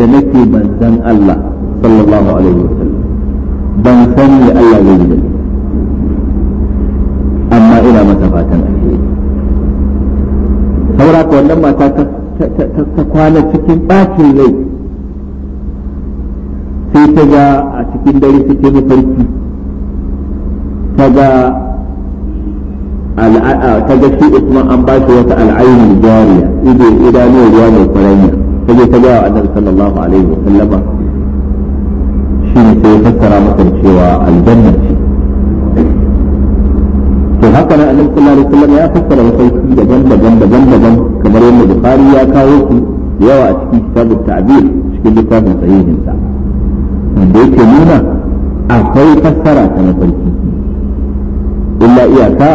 da nake ban san Allah sallallahu alaihi wasallam ban san me Allah zai yi amma ina masa fatan saura ko wannan mata ta kwana cikin bakin rai sai ta ga a cikin dare take mafarki ta ga ta ga shi Usman an ba shi wata al'ayin jariya ido idanuwa ruwa mai kwaranya ta je ta ga wa annabi sallallahu alaihi wa sallama shi ne sai ya fassara mata cewa aljanna ce to haka nan annabi sallallahu alaihi wa sallam ya fassara mafarki daban daban daban daban kamar yadda bukhari ya kawo su yawa a cikin kitabu ta'bir cikin littafin sahihin sa wanda yake nuna akwai fassara ta mafarki illa iyaka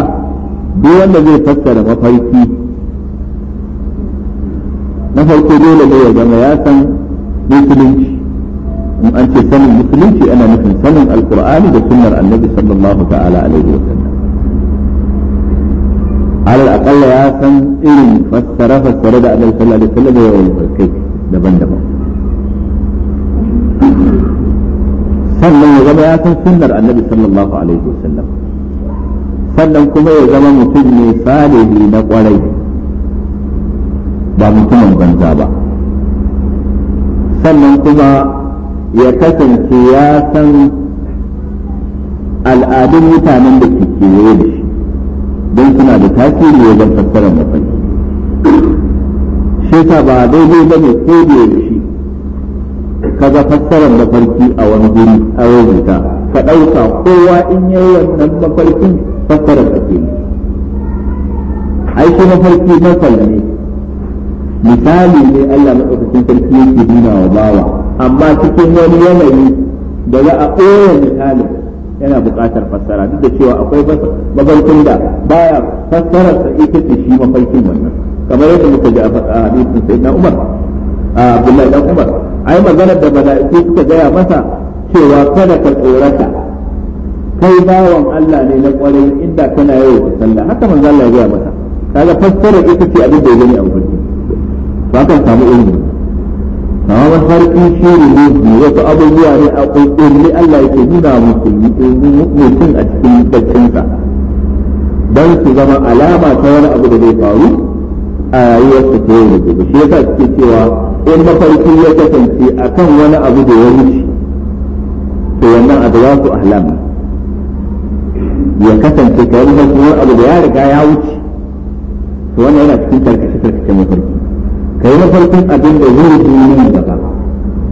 duk wanda zai fassara mafarki na farko dole ne ya zama ya san musulunci in an ce sanin musulunci ana nufin sanin alkur'ani da sunnar annabi sallallahu ta'ala alaihi wa sallam alal aqalla ya san irin fassara fassara da annabi sallallahu alaihi wa sallam ya yi farkai daban-daban sannan ya zama ya san sunnar annabi sallallahu alaihi wa sallam sannan kuma ya zama mutum ne salihi na kwarai ba mutumin banza ba sannan kuma ya kasance ya san al'adun mutanen da ke kewaye da shi don suna da tasiri wajen fassarar mafarki shi ba daidai ba ne ko da yaushe kaga fassarar mafarki a wani guri a rubuta ka ɗauka kowa in yi wannan mafarkin fassarar ta ke ai shi mafarki masal ne misali ne Allah madaukakin sarki yake nuna wa bawa amma cikin wani yanayi da za a ɓoye misalin yana buƙatar fassara duk da cewa akwai mafarkin da baya fassarar sa ita ce shi mafarkin wannan kamar yadda muka ji a hadisin na Umar Abdullahi dan Umar ai maganar da mala'iku suka gaya masa cewa kada ka tsorata kai bawan Allah ne na kwarai inda kana yau da sallah haka manzo Allah ya gaya masa kaga fassara ita ce abin da ya gani a gurin ba kan samu ilimi kamar harki shi ne ne wasu abubuwa ne a ƙulƙulli Allah yake nuna mutum a cikin baccinsa Dan su zama alama ta wani abu da zai faru a rayuwarsa ta yau da gobe shi yasa suke cewa in mafarki ya kasance akan wani abu da ya wuce to wannan abu za su ahlam ya kasance ka yi mafarki wani abu da ya riga ya wuce to wannan yana cikin tarkace-tarkace mafarki kai na farkon abin da zai yi nan gaba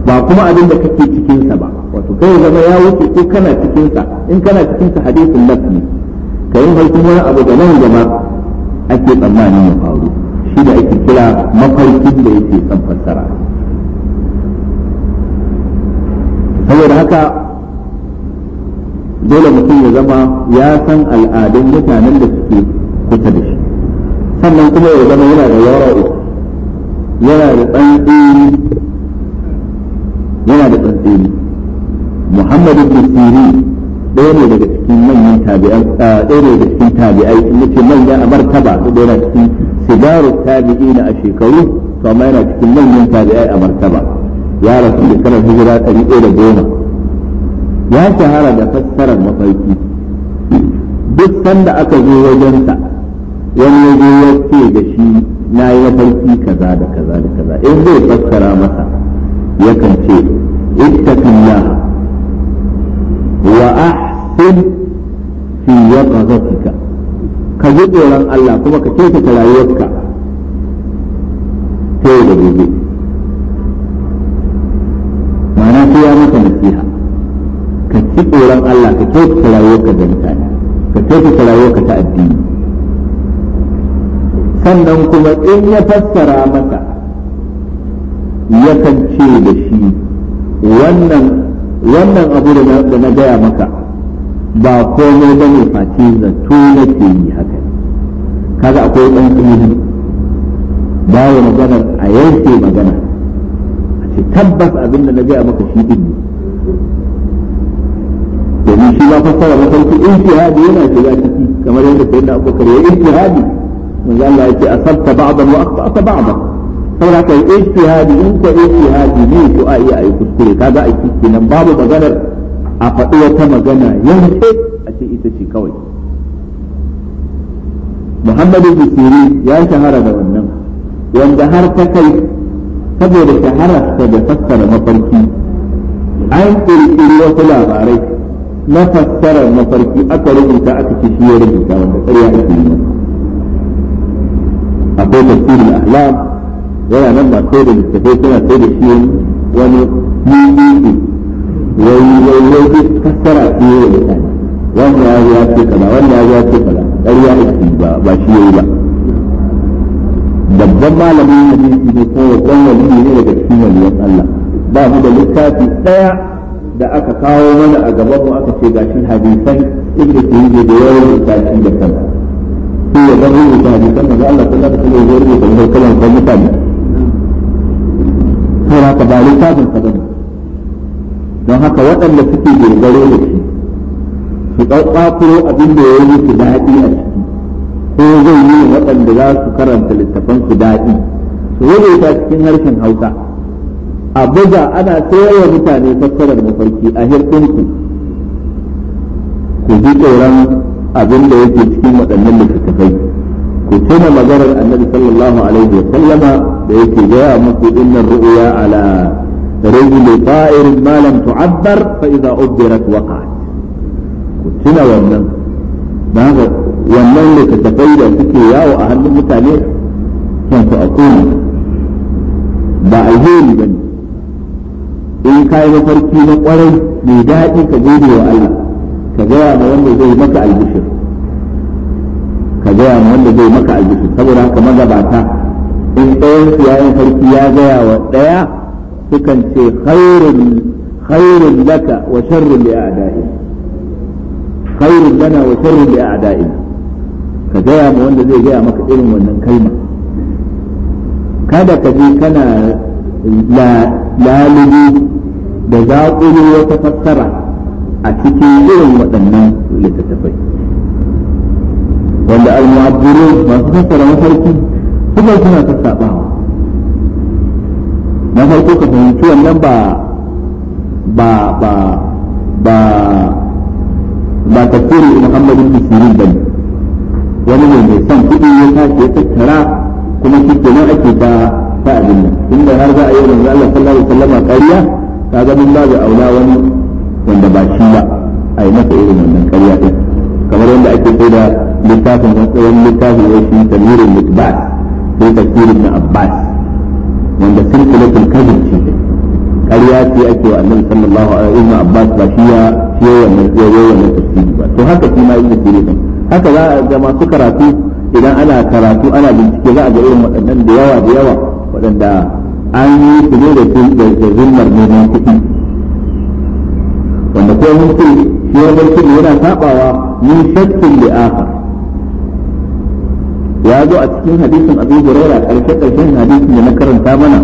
ba kuma abin da kake cikin sa ba wato kai zama ya wuce ko kana cikin sa in kana cikin sa hadisin lafi kai farkon wani abu da nan gaba ake tsammanin ya faru shi da ake kira mafarkin da yake san fassara saboda haka dole mutum ya zama ya san al'adun mutanen da suke kusa da shi sannan kuma ya zama yana da yawa yana da tsantsini yana da tsantsini Muhammad ibn Sirin ɗaya ne daga cikin manyan tabi'ai ɗaya ne daga cikin tabi'ai yace manya a martaba da yana cikin sigaru tabi'ina a shekaru to amma yana cikin manyan tabi'ai a martaba ya rasu da shekarar hijira ɗari ɗaya da goma ya shahara da fassarar mafarki duk sanda aka zo wajensa wani ya zo ya ce da shi na yi mafarki kaza da kaza da kaza in zai fassara masa kance ce ittaqillah wa a sun fi fika ka ji tsoron Allah kuma ka kyautata rayuwarka ta yi da gobe mana sai ya maka nasiha ka ci tsoron Allah ka kyautata rayuwarka da mutane ka kyautata rayuwarka ta addini sannan kuma in ya fassara maka yakan ce da shi wannan wannan abu da na gaya maka ba komai ba ne face zato ke yi haka kaga akwai ɗan ba ya magana a yanke magana a ce tabbas abin da na gaya maka shi ɗin ne domin shi ba fassara mafarki in yana shiga ciki kamar yadda na abokan ya in قال لك أصبت بعضا وأخطأت بعضا قال لك إيش في هذه أنت إيش في هذه ليه تؤي أي كتير كذا أي كتير لن بعض بغنر أخطوة ما غنى ينحي أتي إتشي إيه كوي محمد بن سيرين يا شهر هذا النم وانظهر تكي تبير شهر تبفكر مطرقي عين تلقي الوصلاء عليك ما فكر مطرقي أكرمك أكتشير لك وانظهر يا أكرمك akwai tafsirin ahlam yana nan ba sai da littafai suna kai da shi wani yiyi wai wai wai duk kasara su yi wa mutane wanda ya ya ce kaza wanda ya ce kaza ƙarya ake ba ba shi yi ba babban malamin hadisi ne ko babban wali ne daga cikin waliyan Allah ba mu da littafi ɗaya da aka kawo mana a gaban mu aka ce gashi hadisan ibnu tayyib da yawan littafi da kansa sai ya zama rubuta hadisan da Allah ta zaka kuma ya rubuta da kalmar kan mutane to haka ba littafin ka bane don haka waɗanda suke dogaro da shi su ɗauɗɗakuro abin da ya yi su daɗi a ciki ko zai yi waɗanda za su karanta littafan su daɗi su rubuta cikin harshen hausa a buga ana sayarwa mutane fassarar mafarki a hirɗinku ku ji tsoron abin da yake cikin waɗannan littattafai ku tuna maganar annabi sallallahu alaihi wa sallama da yake gaya muku innar ru'ya ala رجل طائر ما لم تعبر فإذا أبدرت وقعت كنتنا ومن wannan littattafai da suke yawo a hannun mutane sun su a kone ba alheri ba ne in kayi mafarki na kwarai mai daɗi ka gode wa Allah ka gaya ma wanda zai maka albishir ka gaya ma wanda zai maka albishir saboda haka magabata in ɗayan su yayin sarki ya gaya wa ɗaya sukan ce khairun khairun laka wa sharrun li a'da'in khairun lana wa sharrun li a'da'in ka gaya ma wanda zai gaya maka irin wannan kalma kada ka je kana lalubi da zaƙuri wata fassara a cikin irin waɗannan littattafai wanda al-mu'abbiru masu fassara mafarki kuma suna sassabawa na farko ka fahimci wannan ba ba ba ba ba tafsiri Muhammad ibn Sirin bane wani ne mai son kuɗi ya tashi ya tattara kuma shi nan ake ta ta abin nan inda har za a yi manzo Allah sallallahu alaihi wasallam ka ga mun da aula wani wanda ba shi ba a yi masa irin wannan karya ɗin kamar wanda ake sai da littafin wani littafin ya shi tamirin mutbat sai tafsirin na abbas wanda sirkulatul kajin shi karya ce ake wa annabi sallallahu alaihi wa abbas ba shi ya ce wannan ya yi wannan tafsiri ba to haka shi ma tafsiri sirin haka za a ga masu karatu idan ana karatu ana bincike za a ga irin waɗannan da yawa da yawa waɗanda an yi su ne da zimmar neman kuɗi wanda ko mun ce shi ya barci yana sabawa min shakkin li aka ya zo a cikin hadisin Abu Hurairah karshe karshen hadisin da na karanta mana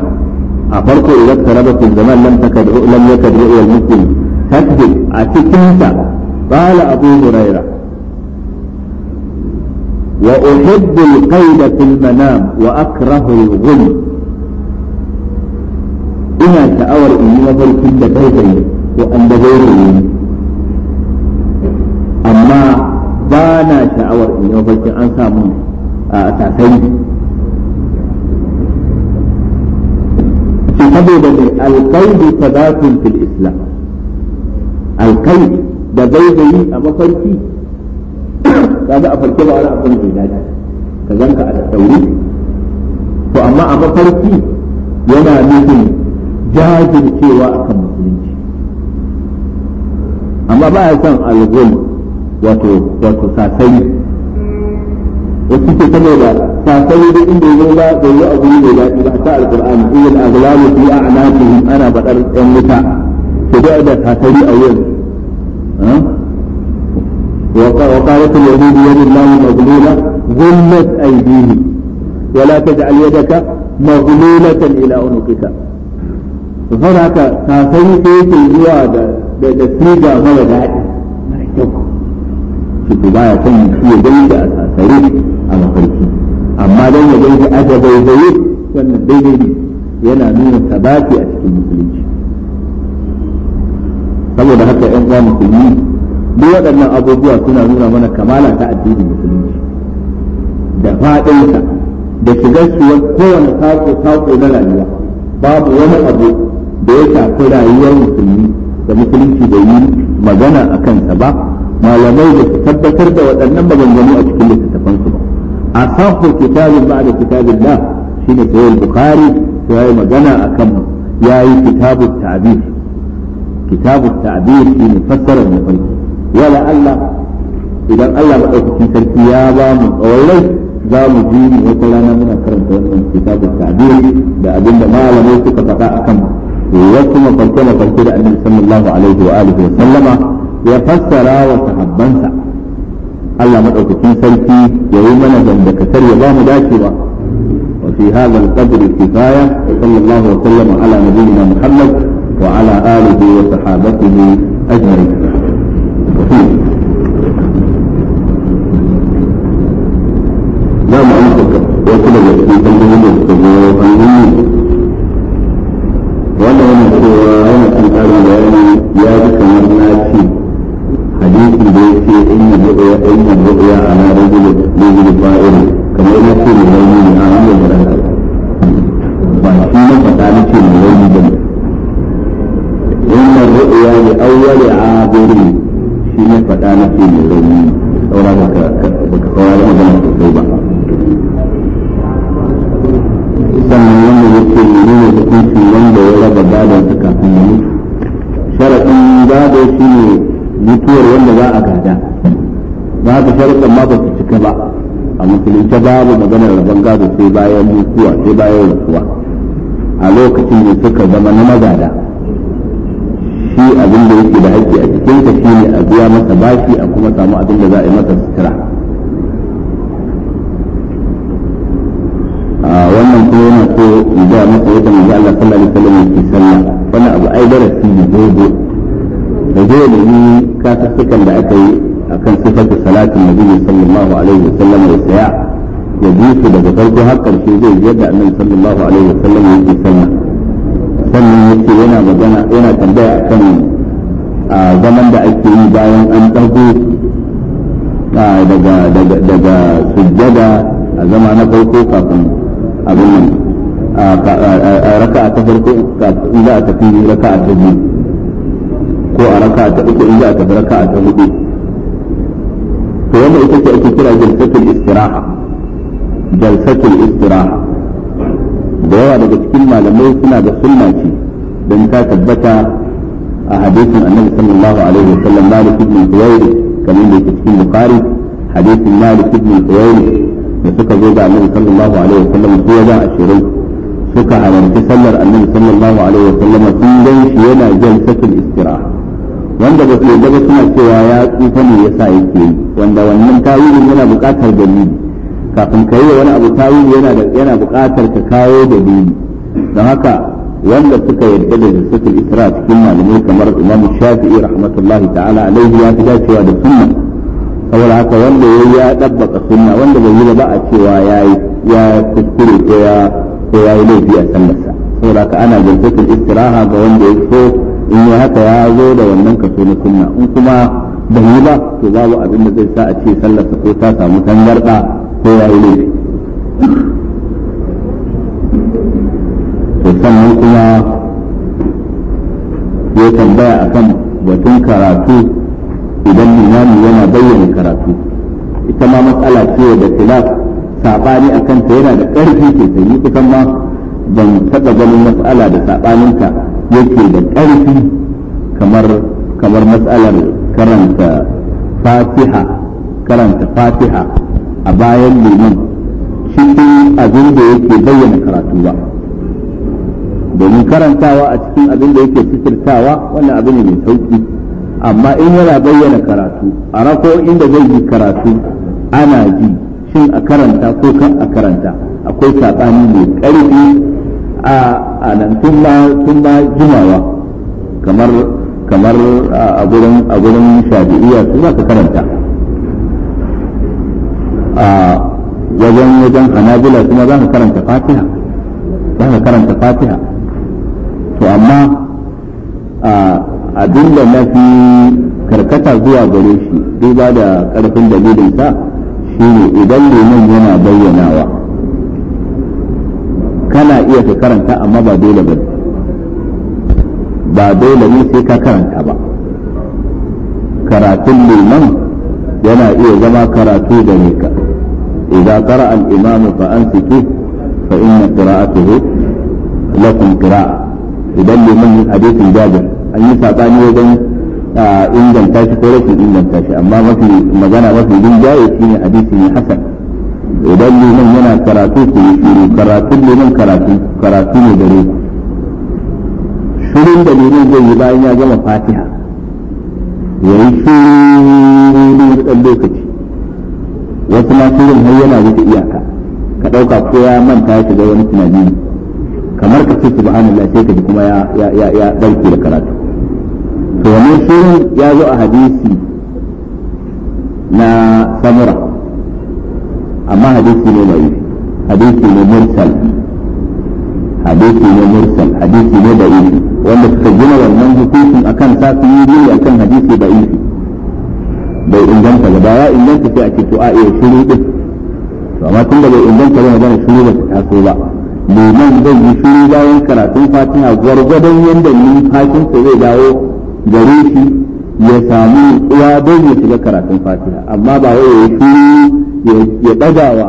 a farko idan tarabatu zaman lam takad lam yakad ru'yal muslim takdib a cikin ta qala Abu Hurairah وأحب القيد في المنام وأكره الغل إنا تأور إني مبرك لديك sai an dabaure ne amma ba na sha'awar in yau barkin an samu a tasari saboda mai alkaidu sabatun fil islam alkaid da zaizayi a mafarki zai a farke ba wani abin da ya ka ganka a tsauri to amma a mafarki yana nufin jajircewa akan musulmi amma ba ya san algul wato wato sasai wasu ke da sasai da inda ya ba da yi abu ne da da ta alqur'ani in al aghlamu fi a'naqihim ana badar yan wuta to da da sasai a wurin وقالت اليهود يد الله مغلولة غلت أيديهم ولا تجعل يدك مغلولة إلى عنقك فهناك ساسي سيكي زوا daga siga mara daɗi mara kyau shi ku baya son ya gani da asasare a mafarki amma don ya gani a da zaizaye wannan daidai ne yana nuna sabati a cikin musulunci saboda haka yan uwa musulmi duk waɗannan abubuwa suna nuna mana kamala ta addinin musulunci da faɗinsa da shigar shigar kowane sako sako na rayuwa babu wani abu da ya shafi rayuwar musulmi da musulunci bai yi magana a kansa ba malamai da su tabbatar da waɗannan maganganu a cikin littattafansu ba a safo kitabin ba da kitabin da shi ne sayar bukari su ya magana a kan ya yi kitabun ta'abir kitabun ta'abir shi ne fassarar mafarki wala Allah idan Allah maɗaukakin sarki ya ba mu tsawon rai za mu ji wata rana muna karanta wannan kitabun ta'abir da abinda malamai suka faɗa a kan وكما فكر فكر النبي صلى الله عليه وآله وسلم يفسر ألا الله في سلفي يوم جنب كتر يضام داكرة وفي هذا القدر الكفاية صلى الله وسلم على نبينا محمد وعلى آله وصحابته أجمعين لا معلومة وكل الذي يتمنى أن يتمنى wannan wani cewa yana kan tsarin bayani ya ji kamar na ce hadisi da ya ce in yi zuwa in yi zuwa a na rajulu rajulu fa'ilu kamar na ce mai rauni ne a hanyar da rana ba shi na faɗa na ce mai rauni ba ne wannan ru'ya ne awwali a gori shi na faɗa na ce mai rauni saura ba ka da magana sosai ba sannan wannan yake da hukuncin wanda ya raba gadon kafin ya mutu gado ne mutuwar wanda za a gada ba haka sharaɗa ma ba su cika ba a musulunce babu maganar rabon gado sai bayan mutuwa sai bayan rasuwa a lokacin da suka zama na magada shi abin da yake da haƙƙi a cikinsa shine a biya masa bashi a kuma samu abin da za a yi masa sutura wannan kuma yana so ya ga masa yadda manzo Allah sallallahu alaihi wasallam yake sallah wannan abu ai darasi ne dogo da zai nemi kasassukan da aka yi akan sifar da salatin nabi sallallahu alaihi wasallam ya saya ya bi su daga farko har karshe zai ji yadda annabi sallallahu alaihi wasallam yake sallah sannan yake yana magana yana tambaya akan zaman da ake yi bayan an ɗago daga daga sujjada a zama na farko kafin abin nan raka'a ta farko in za a tafi raka'a ta biyu ko a raka'a ta uku in za a tafi raka'a ta hudu to wanda ita ce ake kira jalsatul istiraha jalsatul istiraha da yawa daga cikin malamai suna da sunna ce don ta tabbata a hadisin annabi sallallahu alaihi wa sallam malik ibn khuwayr kamar da yake cikin bukhari hadisin malik ibn khuwayr da suka zo ga annabi sallallahu alaihi wasallam su ya ashirin suka halarci sallar annabi sallallahu alaihi wasallam sun gan shi yana sakin istira wanda ba su ba suna cewa ya tsufa ne yasa yake yi wanda wannan tawilin yana buƙatar dalili kafin ka yi wani abu tawili yana da yana buƙatar ka kawo dalili don haka wanda suka yarda da sakin istira cikin malamai kamar imamu shafi'i rahmatullahi ta'ala alaihi ya fi dacewa da sunna saboda haka wanda ya yi ya sunna wanda bai yi ba a cewa ya yi ya kuskure ko ya ko ya yi laifi a sallarsa saboda haka ana jantatul istiraha ga wanda ya so in yi haka ya zo da wannan kaso na sunna in kuma bai yi ba to babu abin da zai sa a ce sallarsa ko ta samu tangarɗa ko ya yi laifi to sannan kuma ya tambaya akan batun karatu idan limami yana bayyana karatu ita ma matsala ce da khilaf sabani a kanta yana da ƙarfi sosai ni kusan ma ban taɓa ganin matsala da sabaninta yake da ƙarfi kamar kamar matsalar karanta fatiha karanta fatiha a bayan liman cikin abin da yake bayyana karatu ba domin karantawa a cikin abin da yake fitirtawa wannan abin ne mai sauki amma in yana bayyana karatu a rako inda zai yi karatu ana ji shin a karanta ko kan a karanta akwai saɓani mai ƙarfi a nan tun ba jimawa kamar kamar a gudun a gudun shafi'iyya su za ka karanta a wajen wajen hanabila kuma za ka karanta fatiha za ka karanta fatiha to amma a abin da na fi karkata zuwa gare shi duba da ƙarfin dalilinsa shi ne idan liman yana bayyanawa kana iya ka karanta amma ba dole ba ba dole ne sai ka karanta ba karatun liman yana iya zama karatu da ne ka idan kara al'imamu fa an fito fa inna qira'atuhu lakum qira'a idan liman hadisin jabir an yi sabani wajen inganta shi ko rashin inganta shi amma mafi magana mafi dingaye shi ne hadisi ne hasan idan liman yana karatu ku yi shiru karatun liman karatu karatu ne gare ku shirin da liman zai yi bayan ya gama fatiha ya yi shiru ɗan lokaci wasu ma shirin har yana wuce iyaka ka ɗauka ko ya manta ya shiga wani tunani kamar ka ce subhanallah sai ka ji kuma ya ya ya da karatu domin shirin ya zo a hadisi na samura amma hadisi ne mai hadisi ne mursal hadisi ne mursal hadisi ne da ifi wanda suka gina wannan hukuncin akan sa su yi gini akan hadisi da ifi bai inganta ba da ya inganta sai a ce to a iya shiru din to amma tun da bai inganta ba magana shiru ba ta taso ba liman zai yi shiru bayan karatun fatiha gwargwadon yadda numfashinsa zai dawo gare shi ya samu uwa don ya shiga karatun fatiha amma ba wai ya yi ya daga wa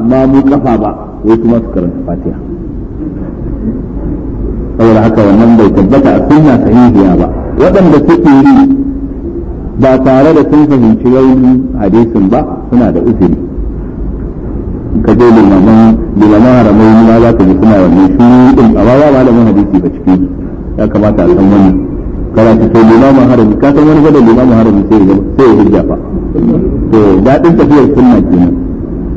mamu kafa ba wai kuma su karanta fatiha saboda haka wannan bai tabbata a sunna sahihiya ba waɗanda suke yi ba tare da sun fahimci rauni hadisin ba suna da uzuri ka je limaman limaman haramai ma za ka ji suna wannan shi din a ba malamin hadisi ba cikin ya kamata a san wannan karatu to limamin harami ka san wani gadon limamin harami sai ya sai ya hijja fa to dadin tafiyar sunna kenan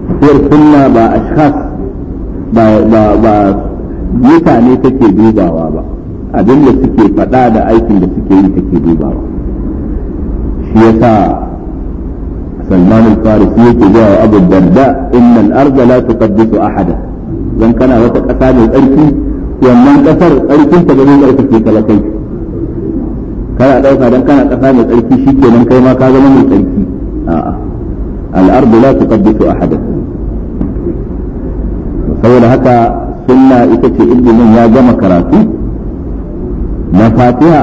tafiyar sunna ba ashkhas ba ba ba mutane take dubawa ba abin da suke faɗa da aikin da suke yi take dubawa shi yasa سلمان الفارسي يتجاه أبو الدرداء إن الأرض لا تقدس أحدا لأن كان وقت أسامي الأركي ومن كسر أركي تجميل أركي كلكيك kana dauka dan kana kasa mai tsarki shikenan kai ma ka zama mai tsarki a'a al-ardu la tuqaddisu ahadan saboda haka sunna ita ce ilimin ya gama karatu na fatiha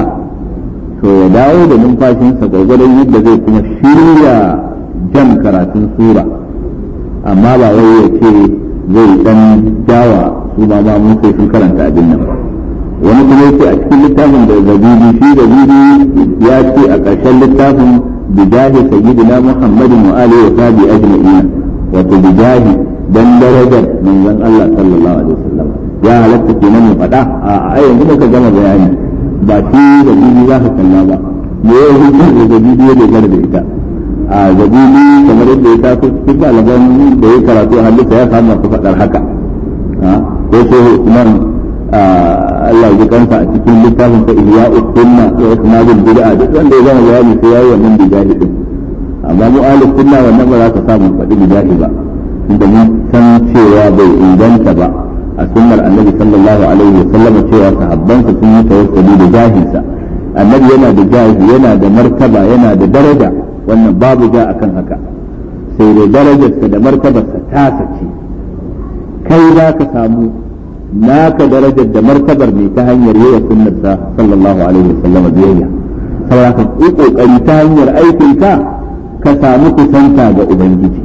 to ya dawo da numfashinsa gwargwadon yadda zai kuma shirya jan karatun sura amma ba wai ya ce zai dan jawa su ba ma mun sai sun karanta abin nan ba wani kuma yake a cikin littafin da zabidi shi zabidi ya ce a ƙarshen littafin bijahi na muhammadin wa alihi wa sahbihi ajma'ina wato bijahi dan darajar manzon Allah sallallahu alaihi wasallam ya halatta kenan mu faɗa a yanzu ka gama bayani ba shi zabidi za ka kalla ba me ya hujjar da zabidi ya dogara da ita a zabibi kamar yadda ya tafi cikin ɗaliban da ya karatu a halitta ya samu masu faɗar haka ko sai hukumar Ah, Allah ya kansa a cikin littafin sa ihya'u sunna kuma ikmalul bid'a duk wanda ya zama bayani sai yayi wannan bijahi din amma mu ahlus sunna wannan ba za ka samu faɗi bijahi ba inda mun san cewa bai inganta ba a sunnar annabi sallallahu alaihi wa sallam cewa sahabban sa sun yi tawakkali da jahinsa annabi yana da jahi yana da martaba yana da daraja wannan babu ja akan haka sai dai darajarsa da martabarsa ta sace kai za ka samu naka darajar da martabar ne ta hanyar yawa sunnarsa sallallahu alaihi wasallam biyayya saboda ka yi kokari ta hanyar aikin ka ka samu kusanta ga ubangiji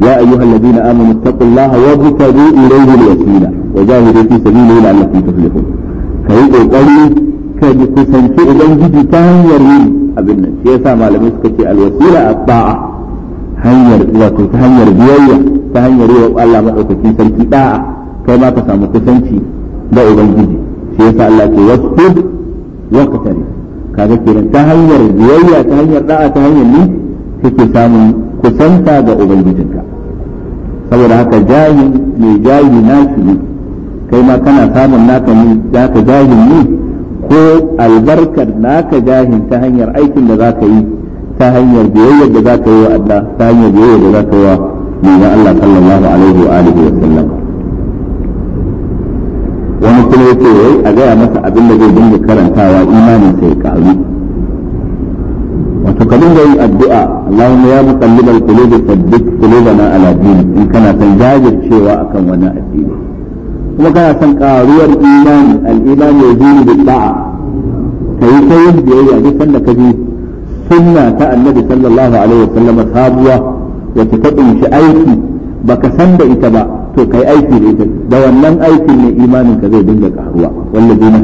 ya ayyuhal ladina amanu taqullaha wa btagu ilayhi alwasila wa jahidu fi sabilihi la'allakum tuflihun kai kokari ka yi kusanci ubangiji ta hanyar yin abin nan shi yasa malamai suka ce alwasila at-ta'a hanyar wato ta hanyar biyayya ta hanyar yi wa Allah madaukakin sarki da'a kai ma ka samu kusanci da ubangiji shi yasa Allah ke wasbir waqtari kaga kenan ta hanyar biyayya ta hanyar da'a ta hanyar ni kake samun kusanta ga ubangijinka saboda haka jahi mai jahi nashi kai ma kana samun naka ne zaka jahin ne ko albarkar naka jahin ta hanyar aikin da zaka yi ta hanyar biyayyar da zaka yi wa Allah ta hanyar biyayyar da zaka yi wa manzon Allah sallallahu alaihi wa alihi wa sallam wani kuma yake yayi a gaya masa abin da zai dinga karantawa imanin sa ya karu wato ka dinga yin addu'a Allahumma ya muqallibal qulub thabbit qulubana ala dinik in kana san jajircewa akan wani addini kuma kana san karuwar imani al-imani yazini bi ta'a kai ta yin biyayya duk sanda ka ji sunna ta annabi sallallahu alaihi wasallam sabuwa wacce ta kunshi aiki baka san da ita ba to kai aiki da ita da wannan aikin ne imanin ka zai dinga karuwa walladina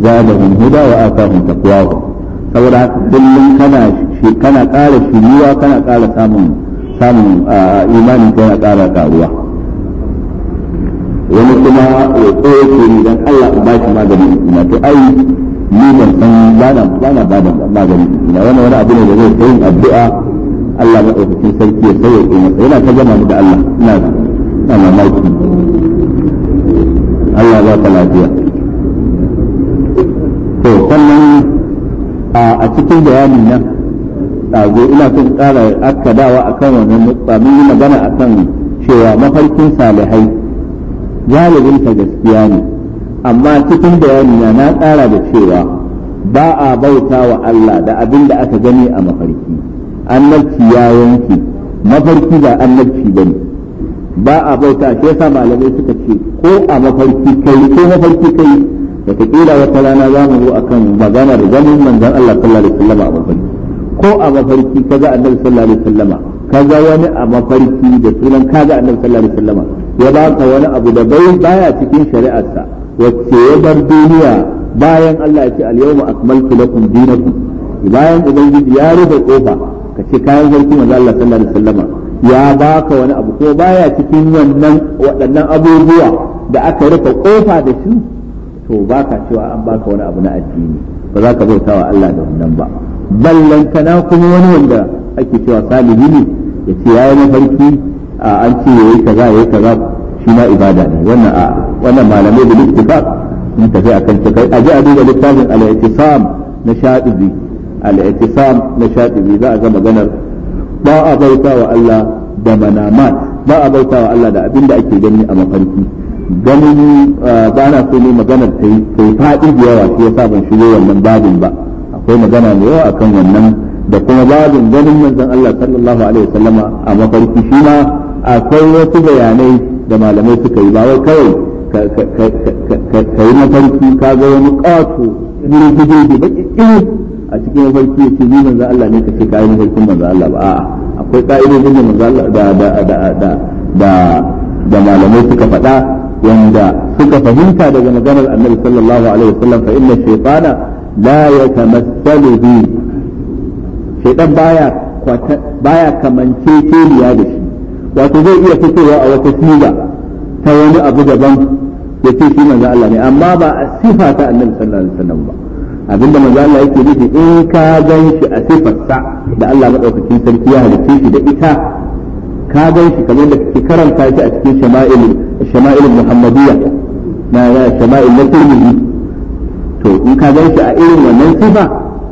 zada mun huda wa atahum taqwahum saboda kullum kana shi kana ƙara shiriwa kana ƙara samun samun imanin ka yana ƙara karuwa wani kuma roƙo yake ni dan Allah ba shi maganin ina to ai ni ban san ba na ba na ba da magani ina wannan wani abu ne da zai yi addu'a Allah madaukakin sarki ya sauya ina yana ta gama da Allah ina ina mamaki Allah ba ka lafiya to sannan a cikin bayani na ɗago ina son ƙara a akan wannan mun yi magana akan cewa mafarkin salihai galibin ta gaskiya ne amma cikin bayani na na ƙara da cewa ba a bauta wa Allah da abin da aka gani a mafarki annabci ya yanke mafarki ba annabci ba ne ba a bauta shi sa malamai suka ce ko a mafarki kai ko mafarki kai da ta wataƙila wata rana za mu zo akan maganar ganin manzon Allah sallallahu alaihi wasallam a mafarki ko a mafarki kaga annabi sallallahu alaihi wasallam kaga wani a mafarki da sunan kaga annabi sallallahu alaihi wasallam ya ba ka wani abu da bai baya cikin shari'arsa wacce ya bar duniya bayan Allah ya ce al-yawma akmaltu lakum dinakum bayan ubangiji ya rufe kofa kace kayan sarki manzon Allah sallallahu alaihi wasallam ya baka wani abu ko baya cikin wannan waɗannan abubuwa da aka rufe kofa da su to baka cewa an baka wani abu na addini ba za ka bauta wa Allah da wannan ba ballan kana kuma wani wanda ake cewa salihi ne ya ce ya yi mafarki an ce ya yi kaza ya yi kaza shi ma ibada ne wannan a wannan malamai da ittifaq sun tafi akan ta kai a ji a duba littafin al-i'tisam na shadibi al-i'tisam na shadibi za a ga maganar ba a bauta wa Allah da manamat ba a bauta wa Allah da abin da ake gani a mafarki ganin ba na so ne maganar ta yi faɗi da yawa shi yasa ban shigo wannan babin ba akwai magana da yawa akan wannan da kuma babin ganin manzon Allah sallallahu alaihi wasallama a mafarki shi ma akwai wasu bayanai da malamai suka yi ba wai kawai ka yi mafarki ka ga wani ƙato wani gidi da baƙi a cikin mafarki ya ce ni manzo Allah ne ka ce kai mafarkin manzo Allah ba a'a akwai ka'idojin da manzo Allah da da da da da malamai suka faɗa wanda suka fahimta daga maganar Annabi sallallahu alaihi wasallam fa inna shaytana la yatamassalu bi shaytan baya baya kamance kiriya da shi wato zai iya fitowa a wata siga ta wani abu daban ya ce shi manzo Allah ne amma ba a sifa ta Annabi sallallahu alaihi wasallam ba abinda manzo Allah yake nufi in ka gan shi a sifarsa da Allah madaukakin sarki ya halicce shi da ita ka gan shi kamar da kake karanta shi a cikin shama'ilin shama'il muhammadiyya na shama'il na turmihi to in ka gan shi a irin wannan sifa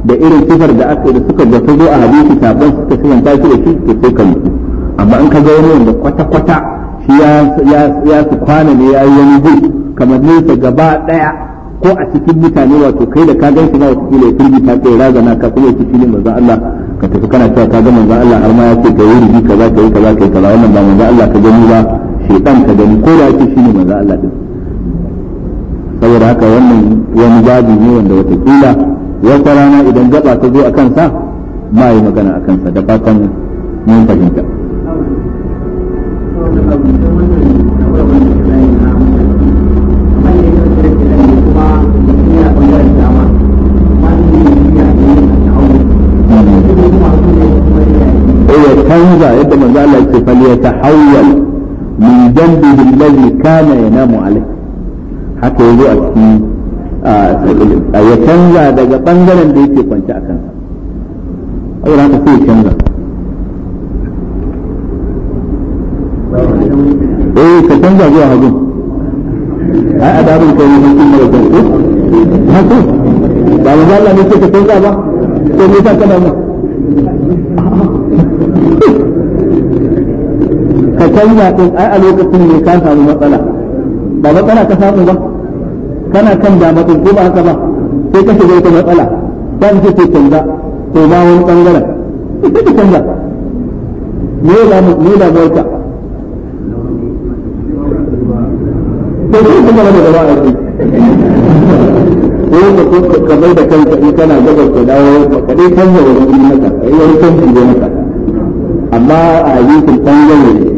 da irin sifar da aka da suka ga zo a hadisi sabon suka sifanta shi da shi to sai ka mutu amma in ka ga wani wanda kwata kwata shi ya ya su kwana ne yayi wani gu kamar nesa gaba daya ko a cikin mutane wato kai da ka gan shi ba wata kila ya ta kai razana ka kuma yake filin manzon Allah ka tafi kana cewa ka ga manzon Allah har ma ya ce ka yi rubi ka yi kaza ka yi kaza wannan ba manzon Allah ka gani ba shaytan ka gani ko da yake ne manzon Allah din saboda haka wannan wani babu ne wanda wata kila wata rana idan gaba ta zo a kansa ma yi magana a kansa da fatan mun fahimta يتحول من جنبه الذي كان ينام عليه haka yanzu a cikin ya canza daga bangaren da yake kwanci a kansa aure haka sai ya ka canza zuwa hagun ai a dabin kai ne sun mara kan ko haka ba mu Allah ne ke ka canza ba ko me ta kana ma ka canza din ai a lokacin ne ka samu matsala ba matsala ka samu ba kana kan da matsin ko ba haka ba sai ka shiga wata matsala ta ce ce canza to ba wani bangaren ita ka canza me da me da barka to sai kuma da gaba a yi ko ka ka mai da kanka in kana gaba ka dawo ka dai canza wani maka kai wani canji da maka amma a yi kin canza ne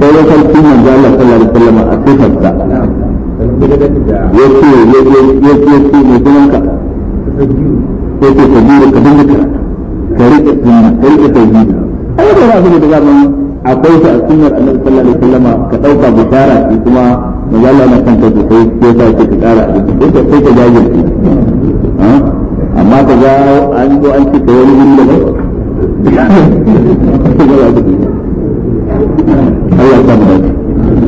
sai ya sarki manzo Allah sallallahu alaihi wasallam a sifarsa ya ce ya ce ya ce ce ne sunanka ya ce ka bi ka dinga ka ka rike sunna ka rike tauhidi ai da rabu da zaman akwai a sunnar Annabi sallallahu alaihi wasallam ka dauka bishara shi kuma manzo Allah na kanta da sai ya sa ka kara abin da sai ka amma ka ga an zo an ce wani gurin da ba Allah ya samu